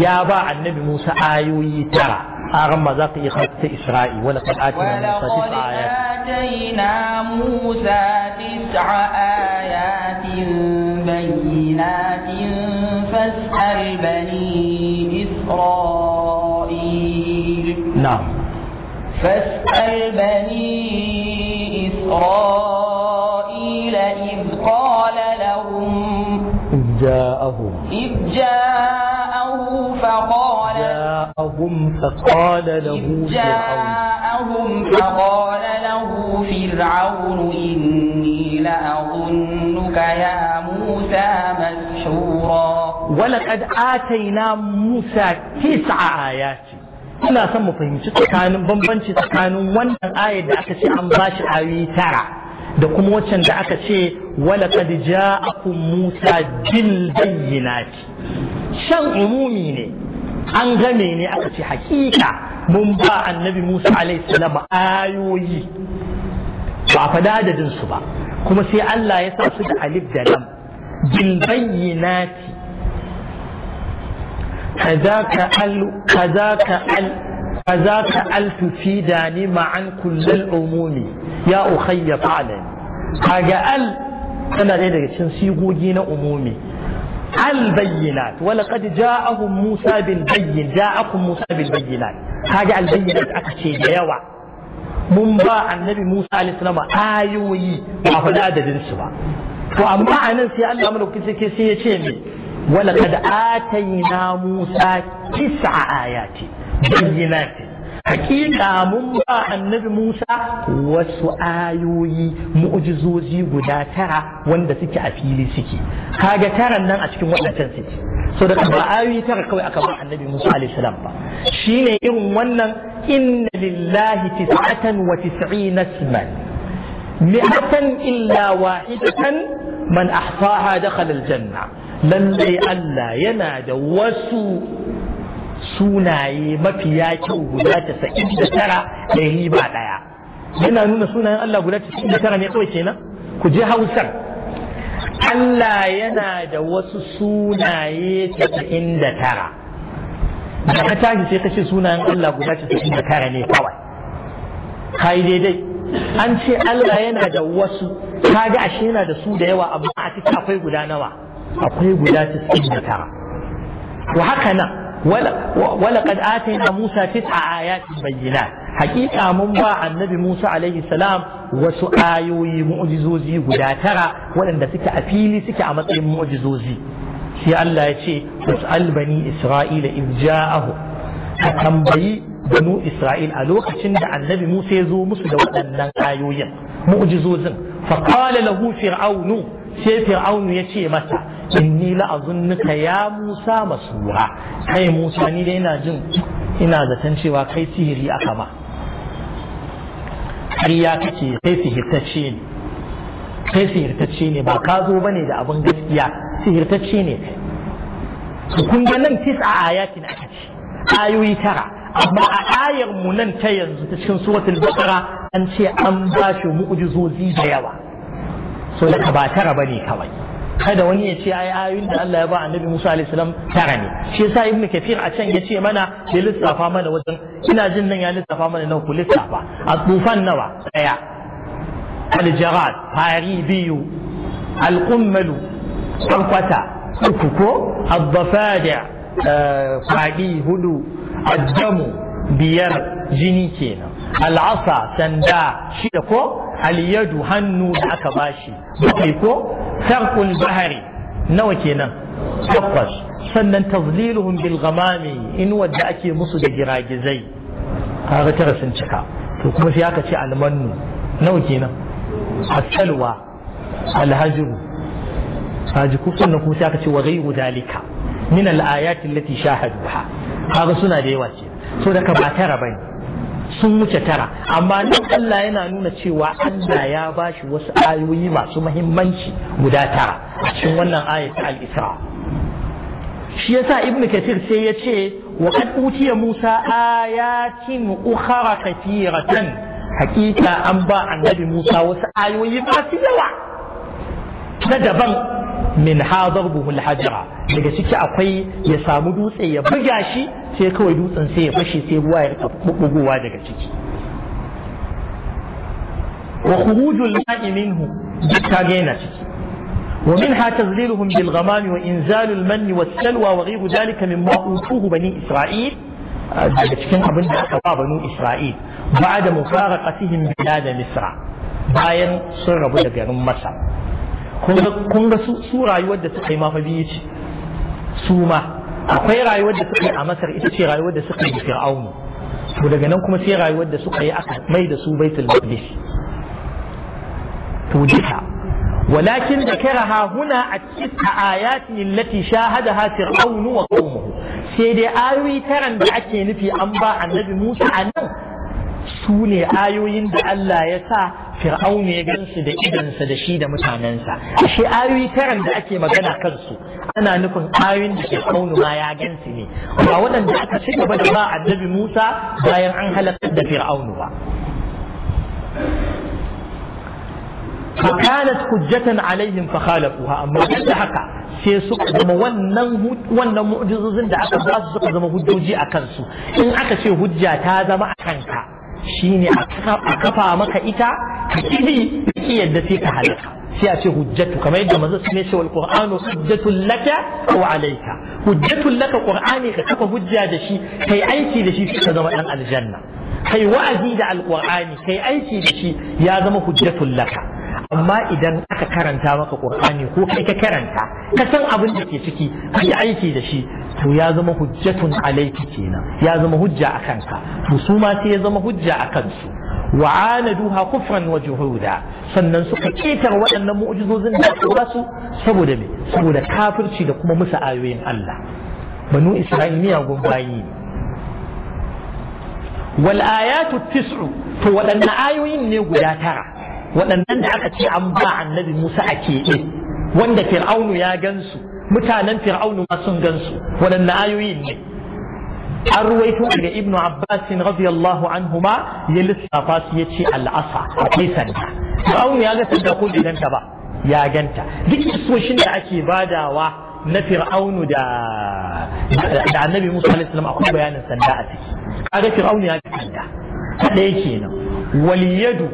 ya ba annabi Musa ayoyi tara أغم ذاك إخذت إسرائي ولقد آتينا موسى تسع آيات آتينا موسى تسع آيات بينات فاسأل بني إسرائيل نعم فاسأل بني إسرائيل إذ قال لهم جاءهم إذ جاءه فقال جاءهم فقال له جاءهم فقال له فرعون إني لأظنك يا موسى مسحورا ولقد آتينا موسى تسع آيات ina son mu fahimci tsakanin bambanci tsakanin wannan ayar da aka ce an bashi tara da kuma waccan da aka ce wala qad ja'akum musa bil bayyinati shan umumi ne an game ne aka ce hakika mun ba annabi musa alaihi salam ayoyi ba a fada adadin su ba kuma sai Allah ya sa su da alif da lam bil bayyinati kazaka al kazaka al فذاك ألف تفيداني معا كل العموم يا أخي فعلا هذا أل أنا لديك تنسيقوجين أمومي البينات ولقد جاءهم موسى بالبين جاءكم موسى بالبينات هذا البينات أكثر يوى mun ba annabi Musa alaihi salam ayoyi ba faɗi adadin su ba to amma anan sai Allah mana kuke sai ya ce ne ولقد آتينا موسى تسع آيات بينات حقيقة من النبي موسى وسو مؤجزوزي غدا ترى وند سكي أفيلي سكي هاجة ترى نان أشكي مؤلا تنسكي سو دقا با آيوي قوي أكبر النبي موسى عليه السلام شين شيني إرم ونن إن لله تسعة وتسعين اسما مئة إلا واحدة من أحصاها دخل الجنة لن لي ألا ينادى وسو sunaye mafi ya kyau guda casa'in da tara da ba ɗaya yana nuna sunayen Allah guda casa'in da tara ne kawai kenan ku je hausar Allah yana da wasu sunaye casa'in da tara da ka tashi sai ka ce sunayen Allah guda casa'in da tara ne kawai kai daidai an ce Allah yana da wasu ga ashe yana da su da yawa amma a cikin akwai guda nawa akwai guda casa'in da tara to haka nan ولقد آتينا موسى تسع آيات بينات حقيقة من باع النبي موسى عليه السلام وسؤالي مؤجزوزي قد ترى ولن تسك أفيلي سك عمطي معجزوزي في الله يتشي واسأل بني إسرائيل إذ جاءه أتنبي بنو إسرائيل ألوك عن النبي موسى يزو مسلو أن نقايوين معجزوزن فقال له فرعون sai fir'aunu ya ce ni inni la'azunnuka ya musa masuha kai musa ni dai ina jin ina zaton cewa kai sihiri aka ma ƙarya kake kai sihirtacce ne kai sihirtacce ne ba ka zo bane da abin gaskiya sihirtacce ne kun ga nan tis a ayatin aka ce ayoyi tara amma a ayar mu nan ta yanzu ta cikin suratul baqara an ce an ba shi mu'jizozi da yawa so da ba tara ba ne kawai kada wani ya ce ai ayoyin da Allah ya ba annabi Musa alaihi salam tara ne shi yasa ibnu kafir a can yace mana ya lissafa mana wajen ina jin nan ya lissafa mana nan ku lissafa a tufan nawa daya al-jarad fari biyu al-qummalu farkwata uku ko ad eh, fadi hudu addamu biyar jini kenan al'asa sanda shida ko aliyadu hannu da aka bashi bakwai ko Sarkun bahari nawa kenan takwas sannan tazliluhum bil ghamami in wadda ake musu da giragizai kaga tara sun cika to kuma sai aka ce almannu nawa kenan asalwa alhajiru kaji ku sannan kuma sai aka ce wa ghayru dalika min al ayati allati shahaduha kaga suna da yawa ce so da ka ba tara bane sun wuce tara amma nan Allah yana nuna cewa Allah ya ba shi wasu ayoyi masu mahimmanci guda tara a cikin wannan ayat al-Isra shi yasa Ibn Kathir sai ya ce wa qad utiya Musa ayatin ukhra kathiratan hakika an ba annabi Musa wasu ayoyi masu yawa na daban من حاضره الحجرة لذا سيكي أقوي يسامو دوسي يبجاشي سيكو يدوسن سي فشي سي بواي بقوة دكا سيكي وخروج الماء منه بكاقينة ومنها تذليلهم بالغمام وإنزال المن والسلوى وغير ذلك مما أوتوه بني إسرائيل لكن أبن أخطى بنو إسرائيل بعد مفارقتهم بلاد مصر باين سر أبو دقيق مصر kun ga su rayuwar da suka yi ma biyu ce su ma akwai rayuwar da suka yi a masar ita ce rayuwar da suka yi fir'aunu to daga nan kuma sai rayuwar da suka yi aka mai da su baitul maqdis to duka ولكن ذكرها هنا a آياته التي شاهدها فرعون وقومه sai dai ayoyi taran da ake nufi an ba annabi Musa a nan su ne ayoyin da Allah ya sa fir'aun ya gansu da idansa da shi da mutanensa ashe ayoyi taran da ake magana kansu ana nufin ayoyin da fir'aun ma ya gansu ne ba waɗanda aka ci gaba da ba annabi Musa bayan an halakar da fir'aun ba فكانت حجة عليهم فخالفوها أما حقا sai suka zama wannan wannan da aka ba su zama hujjoji a kansu in aka ce hujja ta zama a kanka shine a kafa maka ita ka kibi ki yadda sai ka halaka sai a ce hujjatu kamar yadda manzo sun ce wal qur'anu hujjatul laka aw alayka hujjatul laka qur'ani ka kafa hujja da shi kai aiki da shi ka zama dan aljanna kai wa'azi da alqur'ani kai aiki da shi ya zama hujjatul laka amma idan aka karanta maka qur'ani ko kai ka karanta ka san abin da ke ciki kai aiki da shi to ya zama hujjatun alaiki kenan ya zama hujja a kanka to su ma sai ya zama hujja a kansu wa anaduha kufran wa juhuda sannan suka ketar waɗannan mu'jizozin da aka su saboda me saboda kafirci da kuma musa ayoyin Allah banu isra'iliya gun bayi wal ayatu tis'u to waɗannan ayoyin ne guda tara waɗannan da aka ce an ba annabi Musa a keɓe wanda Fir'aunu ya gansu mutanen fir'aunu ma sun gansu waɗanne ayoyin ne an ruwaito daga ibnu abbas radiyallahu anhuma ya lissafa su ya ce al'asa akwai sanda fir'aunu ya ga sanda ko ganta ba ya ganta duk isoshin da ake badawa na fir'aunu da annabi musa alaihi salam akwai bayanin sanda a ciki kaga fir'aunu ya ga sanda ɗaya kenan waliyadu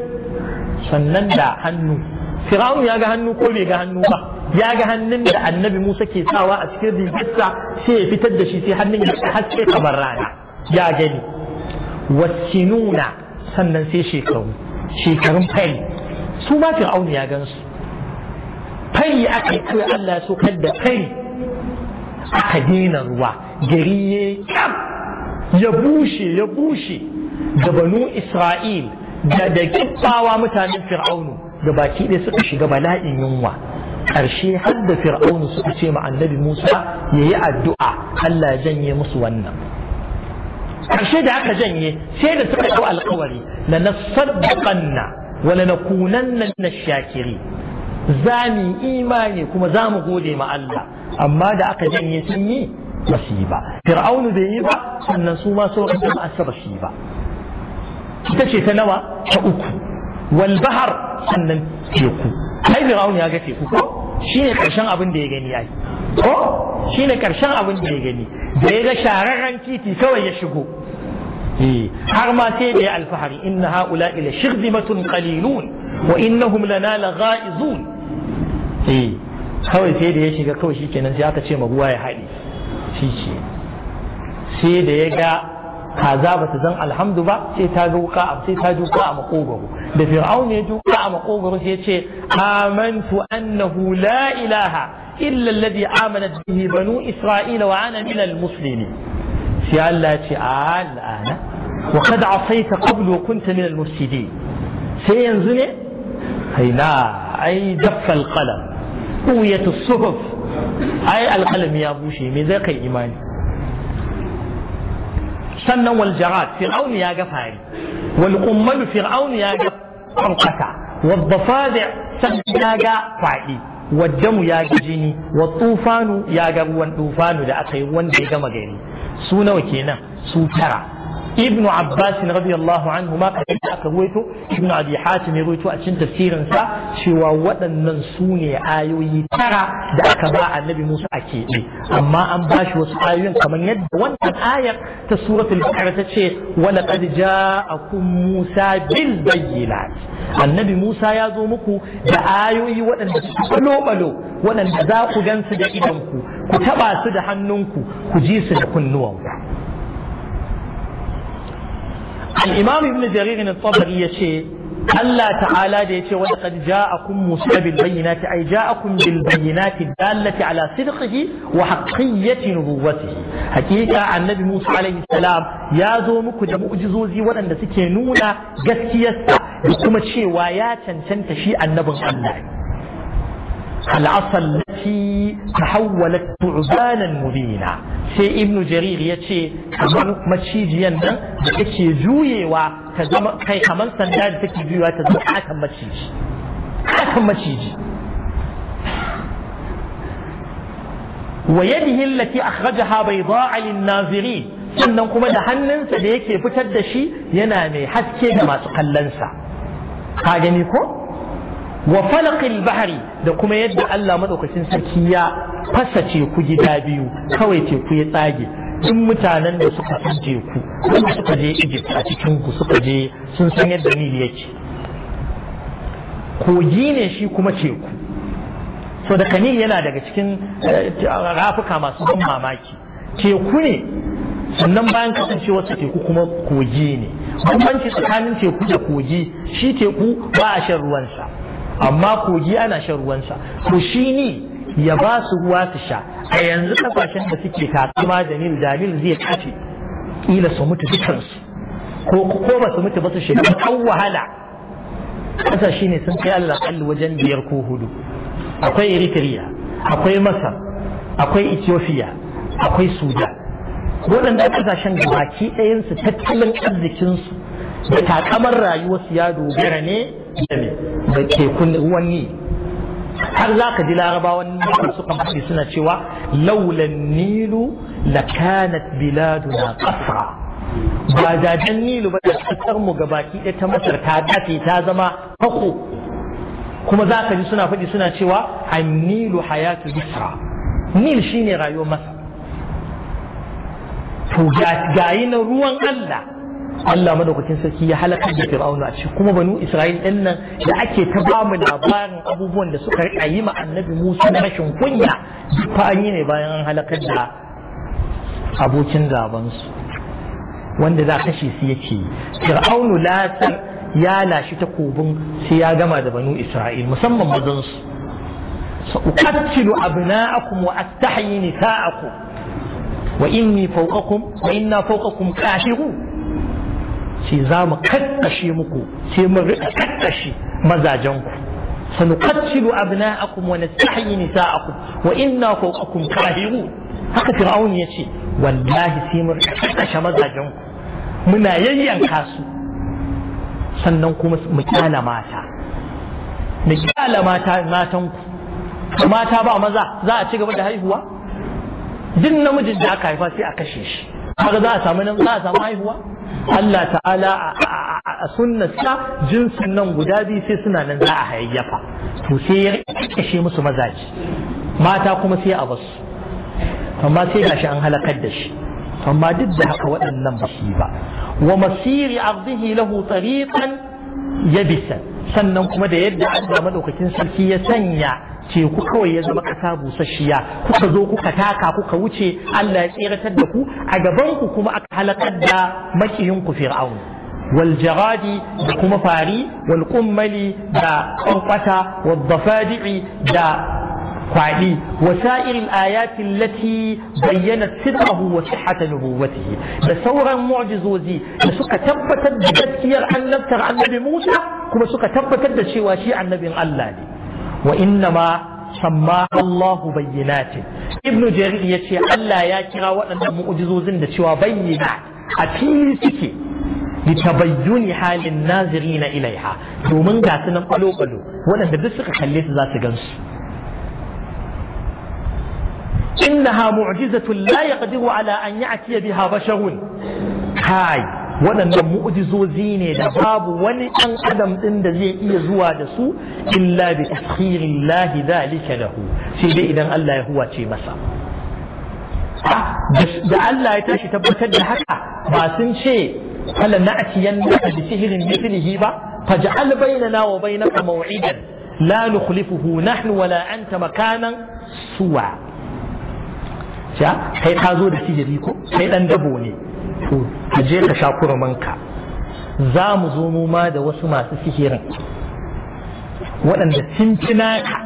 sannan da hannu fir'aunu ya ga hannu ko bai ga hannu ba ya ga hannun da annabi Musa ke sawa a cikin rigarsa sai ya fitar da shi sai hannun ya haske kamar rana ya gani wasinuna sannan sai shekaru shekarun fari su ma fir'aun ya gansu. fari aka yi kawai Allah so kan da fari aka daina ruwa gari ya ya bushe ya bushe da banu Isra'il da da kibbawa mutanen fir'aunu da baki ɗaya suka shiga bala'in yunwa ƙarshe har da fir'aunu suka ce ma annabi musa ya yi addu'a allah janye musu wannan ƙarshe da aka janye sai da suka ɗau alƙawari la nasaddaqanna wa na nakunanna na ash-shakiri za mu imani kuma za mu gode ma Allah amma da aka janye sun yi ba su yi ba fir'aunu bai yi ba sannan su ma sauran da ba ba su yi ba ita ce ta nawa ta uku wal bahar sannan teku ai fir'aunu ya ga teku ko shine karshen abin da ya gani yayi ko shine karshen abin da ya gani da ya ga shararren titi kawai ya shigo eh, har ma sai da ya alfahari inna haula ila shirzimatun qalilun wa innahum lana laghaizun eh kawai sai da ya shiga kawai shikenan sai aka ce ma ruwa ya haɗe shi sai da ya ga kaza ba ta zan alhamdu ba sai ta duka a sai ta a makogaro da fir'aun ya duka a makogaro sai ce amantu annahu la ilaha illa alladhi amanat bihi banu isra'ila wa ana min almuslimin sai Allah ce al'ana wa kad asaita qablu kunta min almufsidin sai yanzu ne haina ai dafa alqalam quyatu suhuf ai alqalam ya bushe me zai kai imani sannan wal jarat fir'aun ya ga fari wal qummal fir'aun ya ga kwankata wal dafadi sannan ya ga fadi waddamu ya ga jini wa tufanu ya ga ruwan tufanu da aka yi wanda ya gama gari su nawa kenan su tara ibn abbas radiyallahu anhu ma kai aka ruwaito ibn abi hatim ya ruwaito a cikin tafsirin sa cewa waɗannan su ne ayoyi tara da aka ba annabi musa a keɓe amma an ba shi wasu ayoyin kamar yadda wannan ayar ta suratul baqara ta ce wala qad ja'akum musa bil bayyinat annabi musa ya zo muku da ayoyi waɗanda suke balo-balo waɗanda za ku gansu da idanku ku taɓa su da hannunku ku ji su da kunnuwanku الامام ابن جرير الطبري يشي ألا تعالى يشي ولقد جاءكم موسى بالبينات أي جاءكم بالبينات الدالة على صدقه وحقية نبوته حقيقة عن النبي موسى عليه السلام يا زومك جمع جزوزي ولن نسكي نونا قسيسة بكم الشيء ويا تنتشي النبي الله العصا التي تحولت تعبانا مبينا sai ibn jarir ya ce kamar macijiyan nan da take juyewa kai kamar sanda da take juyewa ta zama akan maciji akan maciji wa yadihi allati akhrajaha bayda'a lin-nazirin sannan kuma da hannunsa da yake fitar da shi yana mai haske da masu kallon sa ka gani ko wa falaqil bahri da kuma yadda Allah maɗaukacin sarki ya fasa teku gida biyu kawai teku ya tsage duk mutanen da suka san teku wanda suka je Egypt a cikin ku suka je sun san yadda Nil yake kogi ne shi kuma teku so da kanil yana daga cikin eh, rafuka masu ban mamaki teku ne sannan bayan kasance wasu teku kuma kogi ne bambanci tsakanin teku da kogi shi teku ba a shan ruwansa amma kogi ana shan ruwansa to shi ne ya ba su ruwa su sha a yanzu kasashen da suke takama da nil da zai tafi. Ƙila su mutu dukansu ko ko ba su mutu ba su shiga kan wahala kasashe ne sun kai Allah kallu wajen biyar ko hudu akwai Eritrea akwai Masar akwai Ethiopia akwai Sudan waɗanda kasashen ɗayan ɗayansu tattalin arzikinsu da takamar rayuwarsu ya dogara ne da me da tekun ruwan ni har za ka ji larabawan nan suka faɗi suna cewa laulan nilu la kanat na qasra ba dajen nilu ba da kasar mu baki ɗaya ta masar ta dace ta zama fako kuma za ka ji suna faɗi suna cewa an nilu hayatu bisra nil shine rayuwar masar to gayi na ruwan Allah Allah madaukakin sarki ya halakar da Fir'auna a cikin kuma banu Isra'il din nan da ake ta ba mu labarin abubuwan da suka rika yi ma Annabi Musa na rashin kunya fa an yi ne bayan an halakar da abokin gaban su wanda za kashe su yake Fir'aunu lasan ya lashi takobin sai ya gama da banu Isra'il musamman mazan su sa'uqattilu abna'akum wa astahyi nisa'akum wa inni fawqakum wa inna fawqakum qahirun ce za mu kakkashe muku sai mun riƙa kakkashe mazajenku sanuqattilu akum wa nisa akum wa inna fawqakum qahirun haka fir'aun ya ce wallahi sai mun riƙa kakkashe mazajenku muna yayyanka su sannan kuma mu kyala mata mu kyala mata matanku mata ba maza za a ci gaba da haihuwa duk namijin da aka haifa sai a kashe shi kaga za a samu za a samu haihuwa Allah ta'ala a sunnarsa jinsin nan guda biyu sai suna nan za a hayayyafa to sai ya kashe musu mazaji mata kuma sai a basu amma sai gashi an halakar da shi amma duk da haka waɗannan ba shi ba wa masiri arzihi lahu tariqan yabisan sannan kuma da yadda Allah madaukakin sarki ya sanya teku kawai ya zama kasa busasshiya kuka zo kuka taka kuka wuce Allah ya tseratar da ku a gaban ku kuma aka halakar da makiyin ku fir'aun wal jaradi da kuma fari wal kummali da kwankwata wal dafadi'i da kwadi wa sa'irin ayatin lati bayyana sirrahu wa sihhata nubuwwatihi da sauran mu'jizozi da suka tabbatar da gaskiyar annabtar annabi Musa kuma suka tabbatar da cewa shi annabin Allah ne wa inna ma samma Allahu bayyinatin ibnu jarir yace Allah ya kira waɗannan mu'jizozin da cewa bayyana a fili suke litabayyuni halin nazirina ilaiha domin ga su nan kwalo waɗanda duk suka kalle su za su gansu إنها معجزة لا يقدر على أن يأتي بها بشر هاي waɗannan mu'jizozi ne da babu wani ɗan adam ɗin da zai iya zuwa da su illa bi tashirin lahi zalika lahu sai dai idan Allah ya huwace masa ah, da Allah ya tashi tabbatar da haka ba sun ce ala na'tiyan naka bi sihirin mithlihi ba faj'al bainana wa bainaka maw'idan la nukhlifuhu nahnu wala anta makanan suwa ja kai ka zo da sihiri ko kai dan dabo ne to ka je ka sha ka za mu zo mu ma da wasu masu sihirin waɗanda sun fi naka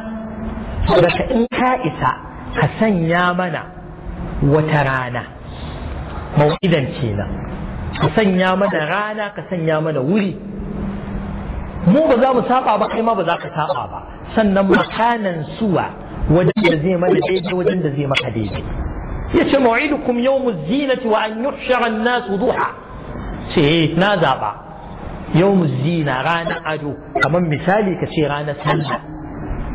daga in ka isa ka sanya mana wata rana mawidan kenan ka sanya mana rana ka sanya mana wuri mu ba za mu saba ba kai ma ba za ka saba ba sannan makanan suwa wajen da zai mana daidai wajen da zai maka daidai yace maw'idukum yawmuz zinati wa an yuhshara an-nas duha ce eh, na zaba yawmuz zina ranar ado kamar misali ka ce ranar sallah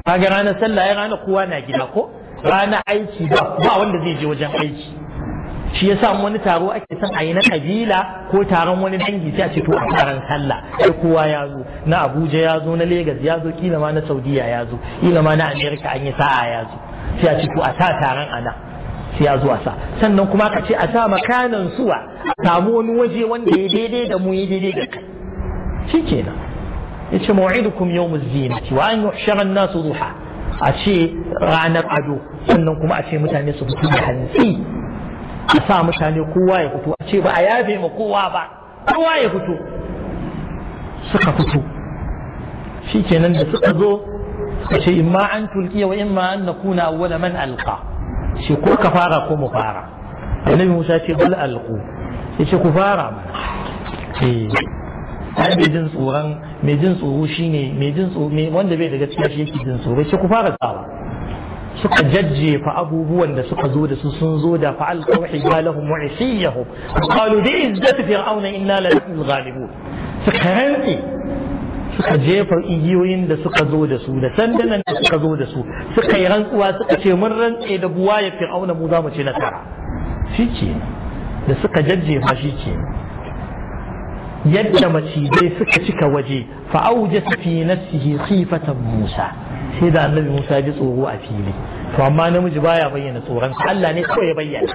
kaga ranar sallah ya ranar kowa na gida ko Rana aiki ba ba wanda zai je wajen aiki shi yasa wani taro ake son a yi na kabila ko taron wani dangi sai a ce to a taron sallah sai kowa ya zo na Abuja ya zo na Lagos ya zo kila ma na Saudiya ya zo kila ma na America an yi sa'a ya zo sai a ce to a sa taron nan. siya zuwa sa sannan kuma ka ce a sa makanan suwa a samu wani waje wanda ya daidai da mu ya daidai da kai shi kenan ya ce mawa'idukum yau muzinati wa an yuhshara nasu ruha a ce ranar ado sannan kuma a ce mutane su fito da hantsi a sa mutane kowa ya fito a ce ba a yafe ma kowa ba kowa ya fito suka fito shi kenan da suka zo suka ce imma an tulkiya wa imma an nakuna wala man alqa shi ko ka fara ko mu fara annabi musa ce bal alqu shi ce ku fara ma eh ai mai jin tsoron mai jin tsoro shine mai jin tsoro wanda bai da gaskiya shi yake jin tsoro shi ku fara tsawa suka jajje fa abubuwan da suka zo da su sun zo da fa'al qawhi hijalahum wa isiyahum qalu bi izzati fir'auna inna la nahnu ghalibun suka rantsi suka jefa igiyoyin da suka zo da su da sandunan da suka zo da su suka yi rantsuwa suka ce mun rantse da buwa ya fi fir'auna mu za mu ci nasara shi ce da suka jajjefa shi ce yadda macijai suka cika waje fa'auja fi nafsihi khifatan musa sai da annabi musa ji tsoro a fili to amma namiji baya bayyana tsoron Allah ne kawai ya bayyana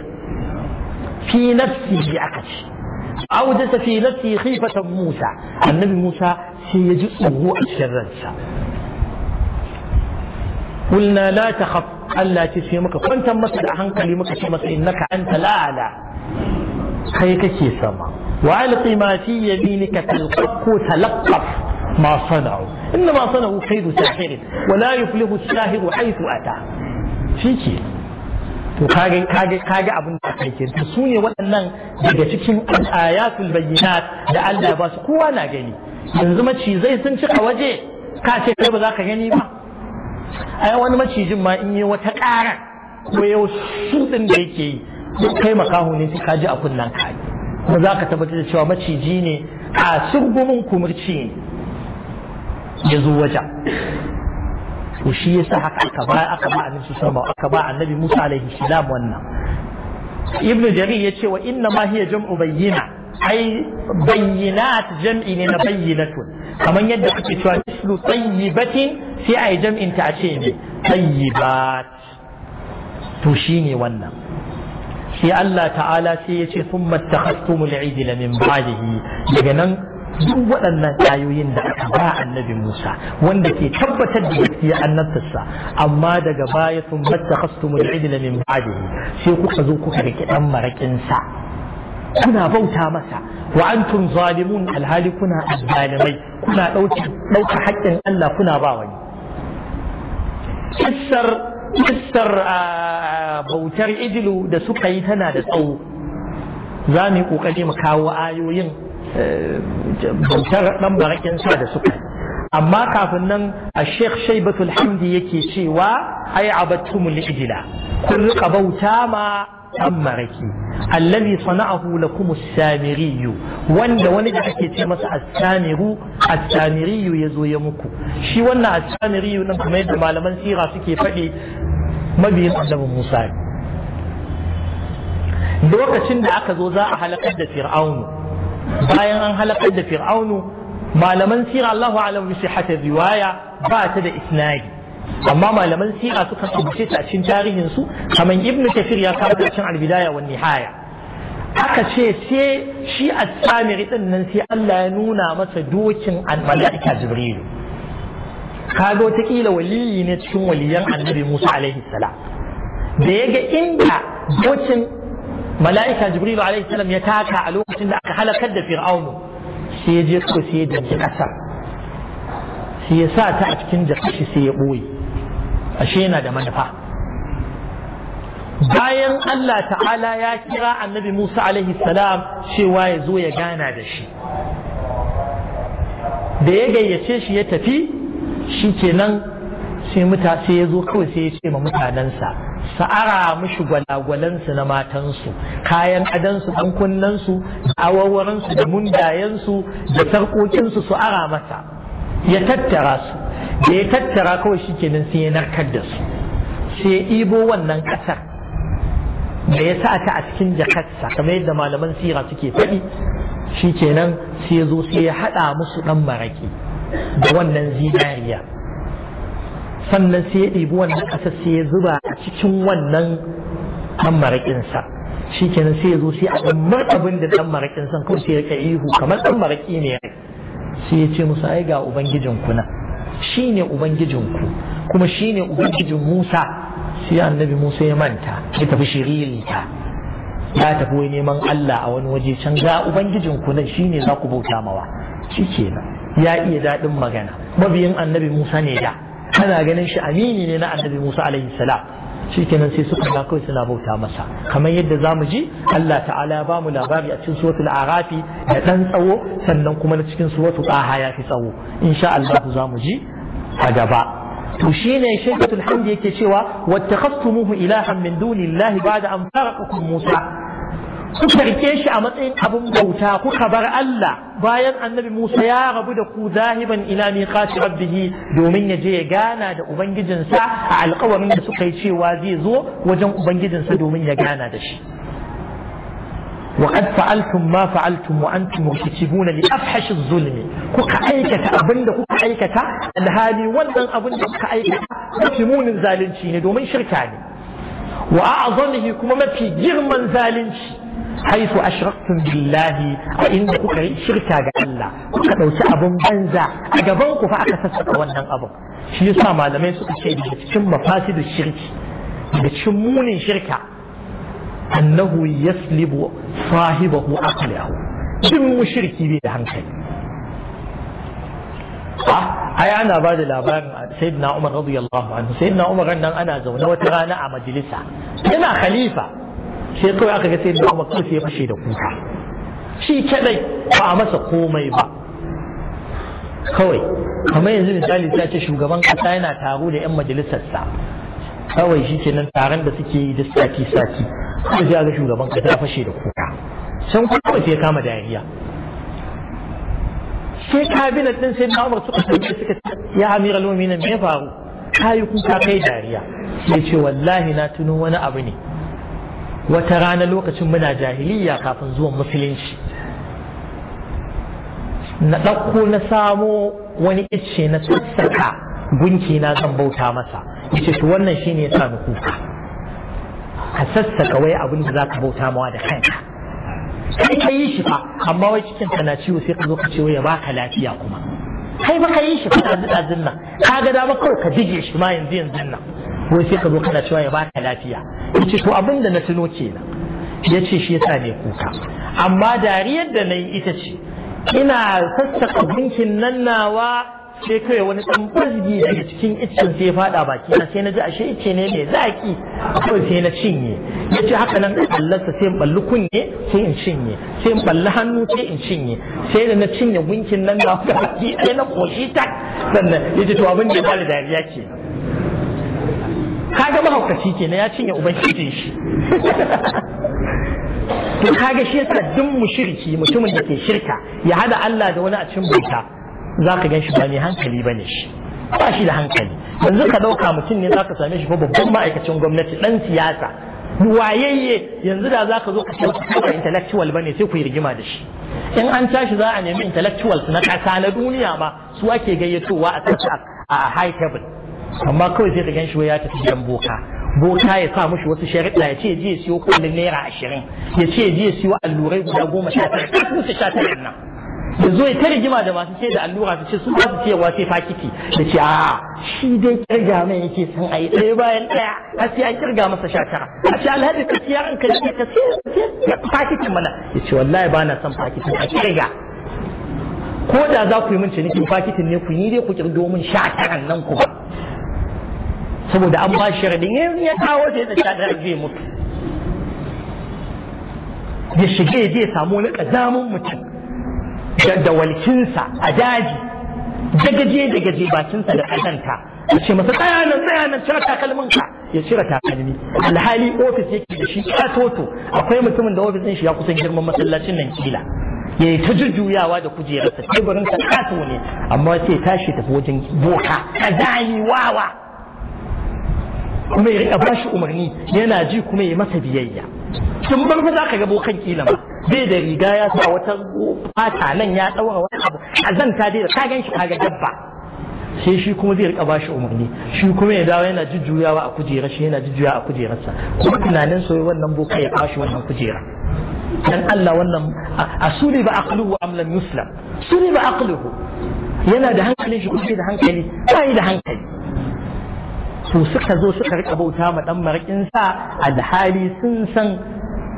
fi nafsihi aka ce أوجس في نفسه خيفة Musa annabi Musa. sai الشر ji قلنا لا تخف ألا تسي مك وانت مسد أهنك لمك شمس إنك أنت الأعلى خيك كي سما وألقي ما في يمينك تلقف تلقف ما صنعوا إنما صنعوا كيد ساحر ولا يفلح الساحر حيث أتى شيكي to kage kage kage abin da kai ke su ne waɗannan daga cikin ayatul bayyinat da Allah ba su kowa na gani yanzu macizai sun cika waje ka ce kai ba za ka gani ba yi wani macijin ma in yi wata ƙara ko yau sutsin da yake yi kai makaho ne sai ka ji a kunnan ka ba za ka tabbatar da cewa maciji ne a surgumin kumurci ne ya zo wajen to shi ya yasa haka aka ba aka ba annabi sallallahu alaihi aka ba annabi Musa alaihi salam wannan ibnu jarir yace wa inna ma hiya jam'u bayyina ai bayyinat jam'i ne na bayyinatun kamar yadda ake cewa mislu tayyibatin sai ayi jam'in ta a ce ne tayyibat to ne wannan sai Allah ta'ala sai ya ce thumma takhastumul ijla min ba'dihi daga nan duk waɗannan ayoyin da aka ba annabi Musa wanda ke tabbatar da gaskiya annabtarsa amma daga baya sun batta kastumul ijla min ba'dihi sai kuka zo kuka rike dan marakin sa kuna bauta masa wa antum zalimun alhali kuna azzalimai kuna ɗauka haƙƙin Allah kuna ba wani kissar kissar bautar idilu da suka yi tana da tsawo za mu yi ƙoƙari mu kawo ayoyin eh, bautar ɗan barakin sa da suka yi amma kafin nan a sheikh shaibatul hamdi yake cewa ai abattumul ijla kun rika bauta ma an maraki allazi sana'ahu lakum as-samiriyu wanda wani da ake ce masa as-samiru as-samiriyu yazo ya muku shi wannan as-samiriyu nan kuma yadda malaman sira suke faɗi mabiyin annabi Musa lokacin da aka zo za a halakar da fir'aunu bayan an halakar da fir'aunu malaman sira Allahu alam bi sihhatir riwaya ba ta da isnadi amma malaman sira sukan rubuce ta cikin tarihin su kamar ibnu kafir ya kawo cikin al-bidaya wan nihaya aka ce sai shi as-samiri din nan sai Allah ya nuna masa dokin al-malaika jibrilu kago ta kila waliyi ne cikin waliyan annabi Musa alaihi salam da ya ga inda dokin mala'ika jibrilu alaihi salam ya taka a lokacin da aka halakar da fir'aunu sai ya je kuma sai ya danki kasar sai ya sa ta a cikin jakar shi sai ya ɓoye ashe yana da manufa bayan Allah ta'ala ya kira annabi Musa alaihi salam cewa ya zo ya gana da shi da ya gayyace shi ya tafi shi kenan sai muta sai ya zo kawai sai ya ce ma mutanensa sa'ara mushi gwalagwalansu na matansu kayan adansu dan kunnansu awawaransu da mundayensu da sarƙoƙinsu su ara masa ya tattara su da ya tattara kawai shi kenan sai ya narkar da su sai ya ibo wannan ƙasar da ya sa ta a cikin jakarsa kamar yadda malaman sira suke faɗi shi kenan sai ya zo sai ya haɗa musu ɗan maraƙi da wannan zinariya sannan sai ya ɗibi wannan ƙasar sai ya zuba a cikin wannan ɗan maraƙinsa shi kenan sai ya zo sai a ɗan abin da ɗan maraƙin san kawai sai ya riƙa ihu kamar ɗan maraƙi ne sai ya ce musu ai ga ubangijin ku nan shi ne ubangijin ku kuma shi ne ubangijin musa sai annabi musa ya manta ya tafi shirilita ya tafi wai neman allah a wani waje can ga ubangijin ku nan shi ne za ku bauta mawa shi kenan ya iya daɗin magana mabiyin annabi musa ne da ana ganin shi amini ne na annabi Musa alaihi salam shikenan sai suka ga kawai suna bauta masa kamar yadda zamu ji Allah ta'ala ya bamu labari a cikin suratul arafi da dan tsawo sannan kuma na cikin suratul taha ya fi tsawo insha Allah zamu ji a gaba to shine shaykhatul hamdi yake cewa wattakhastumuhu ilahan min dunillahi ba'da an faraqakum Musa kuka rike shi a matsayin abin bauta kuka bar Allah bayan annabi Musa ya rabu da ku zahiban ila miqati rabbih domin ya je ya gana da ubangijinsa a alƙawarin da suka yi cewa zai zo wajen ubangijinsa domin ya gana da shi ma فعلتم ما فعلتم وانتم مرتكبون لافحش الظلم كوكا kuka aikata abinda kuka aikata alhali wannan abin da kuka aikata mafi munin zalunci ne domin shirka ne wa a'zamihi kuma mafi girman zalunci haifu ashraktum billahi a inda kuka yi shirka ga Allah kuka ɗauki abin banza a gaban ku fa aka sassaka wannan abin shi yasa malamai suka ce daga cikin mafasidu shirki daga cikin munin shirka annahu yaslibu sahibahu aqlahu mu shirki bai da hankali ai ana ba da labarin sayyidina Umar radiyallahu anhu sayyidina Umar nan ana zaune wata rana a majalisa yana khalifa sai kawai aka ga sai da kuma kawai ya fashe da kuka shi kadai ba a masa komai ba kawai kamar yanzu misali ta ce shugaban kasa yana taro da 'yan majalisarsa kawai shi nan taron da suke yi da sati sati kuma sai ga shugaban kasa fashe da kuka can kuma sai kama dariya sai kabinet din sai na suka tambaye suka ce ya amira lomi muminin me faru yi kuka kai dariya sai ce wallahi na tuno wani abu ne wata rana lokacin muna jahiliya kafin zuwan musulunci na ɗauko na samo wani icce na sassaka gunki na zan bauta masa yace to wannan shine ya sami kuka ka sassaka wai abin da zaka bauta mawa da kanka sai ka yi shi fa amma wai cikin ka na ciwo sai ka zo ka ce wai ya baka lafiya kuma kai ba ka yi shi fa da nan ka ga dama kawai ka jige shi ma yanzu yanzu nan ko sai ka zo kana cewa ya baka lafiya yace to abin da na tuno kenan yace shi yasa ne kuka amma dariyar da nayi ita ce ina sassaka gunkin nan nawa sai kai wani dan bazgi daga cikin iccen sai fada baki na sai na ji ashe icce ne mai zaki kawai sai na cinye yace haka nan allarsa sai in balli kunye sai in cinye sai in balli hannu sai in cinye sai da na cinye gunkin nan nawa baki *laughs* sai na koshi tak sannan yace to abin da ya bani dariya kenan ga mahaukaci kenan ya cinye ubangijin shi to kaga shi yasa duk mushriki mutumin da ke shirka ya hada Allah da wani a cikin bauta za gan shi ba mai hankali bane shi ba shi da hankali yanzu ka dauka mutum ne za ka same shi babban ma'aikacin gwamnati dan siyasa wayayye yanzu da za ka zo ka ce ba intellectual bane sai ku yi rigima da shi in an tashi za a nemi intellectuals na kasa na duniya ma su ake gayyatowa a a high table amma kawai sai ka gan shi ya tafi gidan boka boka ya sa mushi wasu shari'a ya ce je siyo kullum naira ashirin ya ce je siyo allurai guda goma sha tara kafin su sha tara nan ya zo ya ta rigima da masu ce da allura su ce su ba su cewa sai fakiti ya ce a shi dai kirga mai yake son a yi ɗaya bayan ɗaya a ce an kirga masa sha tara a ce alhaji ka siya an ka ce ka ce fakitin mana ya ce wallahi ba na son fakitin a kirga ko da za ku yi min cinikin fakitin ne ku yi dai ku kirgo min sha tara nan ku ba saboda an ba shi ya kawo da yadda shadar zai mutu ya shige ya je samu wani ƙazamin mutum da walkinsa a daji dagaje gaje bakinsa da ƙazanta ya ce masa tsaya nan tsaya nan cire takalmin ka ya cire takalmi alhali ofis yake da shi toto akwai mutumin da ofis shi ya kusan girman masallacin nan kila ya yi ta jujjuyawa da kujerarsa teburinsa ta ne amma sai tashi tafi wajen boka kazani wawa kuma ya riƙa bashi umarni yana ji kuma ya masa biyayya tun ban za ka ga bokan kila ba zai da riga ya sa wata fata nan ya daura wani abu azanta dai ka gan shi ga dabba sai shi kuma zai rika bashi umarni shi kuma ya dawo yana jujjuyawa a kujerar shi yana jujjuyawa a kujerarsa kuma tunanin soyi wannan boka ya bashi wannan kujera dan Allah wannan a Suli ba aqluhu am lam yuslam suri ba aqluhu yana da hankali shi kuma da hankali ba da hankali to suka zo suka rika bauta ma dan marakin sa alhali sun san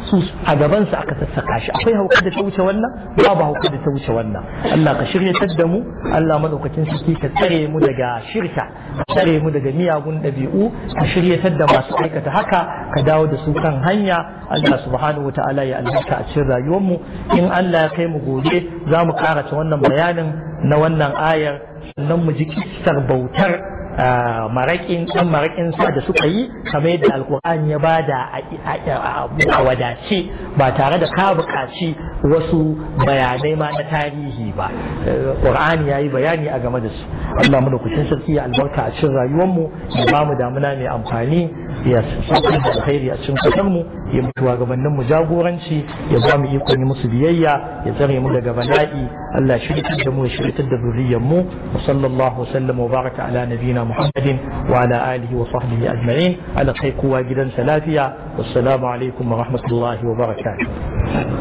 su a gaban sa aka sassaka shi akwai hauka da ta wuce wannan babu hauka da ta wuce wannan Allah ka shiryatar da mu Allah madaukakin sarki ka tsare mu daga shirka ka tsare mu daga miyagun dabi'u ka shiryatar da masu aikata haka ka dawo da su kan hanya Allah subhanahu wataala ya albaka a cikin rayuwar mu in Allah ya kai mu gobe za mu karata wannan bayanin na wannan ayar sannan mu ji kisar bautar ah, maraƙin ɗan marakin sa da suka yi kamar yadda alkur'an ya ba da a wadace ba tare da ka buƙaci wasu bayanai ma na tarihi ba ƙur'ani eh, ya yi bayani a game da su Allah mu da sarki ya albarka a cikin rayuwarmu ya ba mu damuna mai amfani ya saukar da alkhairi a cikin mu ya mutuwa gabanin mu jagoranci ya ba mu ikon musu biyayya ya tsare mu daga bala'i Allah shirkar da mu ya shirkar da zuriyar mu sallallahu sallam wa baraka ala nabiyina Muhammadin wa ala alihi wa sahbihi ajma'in ala kai kowa gidansa lafiya wassalamu alaikum wa rahmatullahi wa barakatuh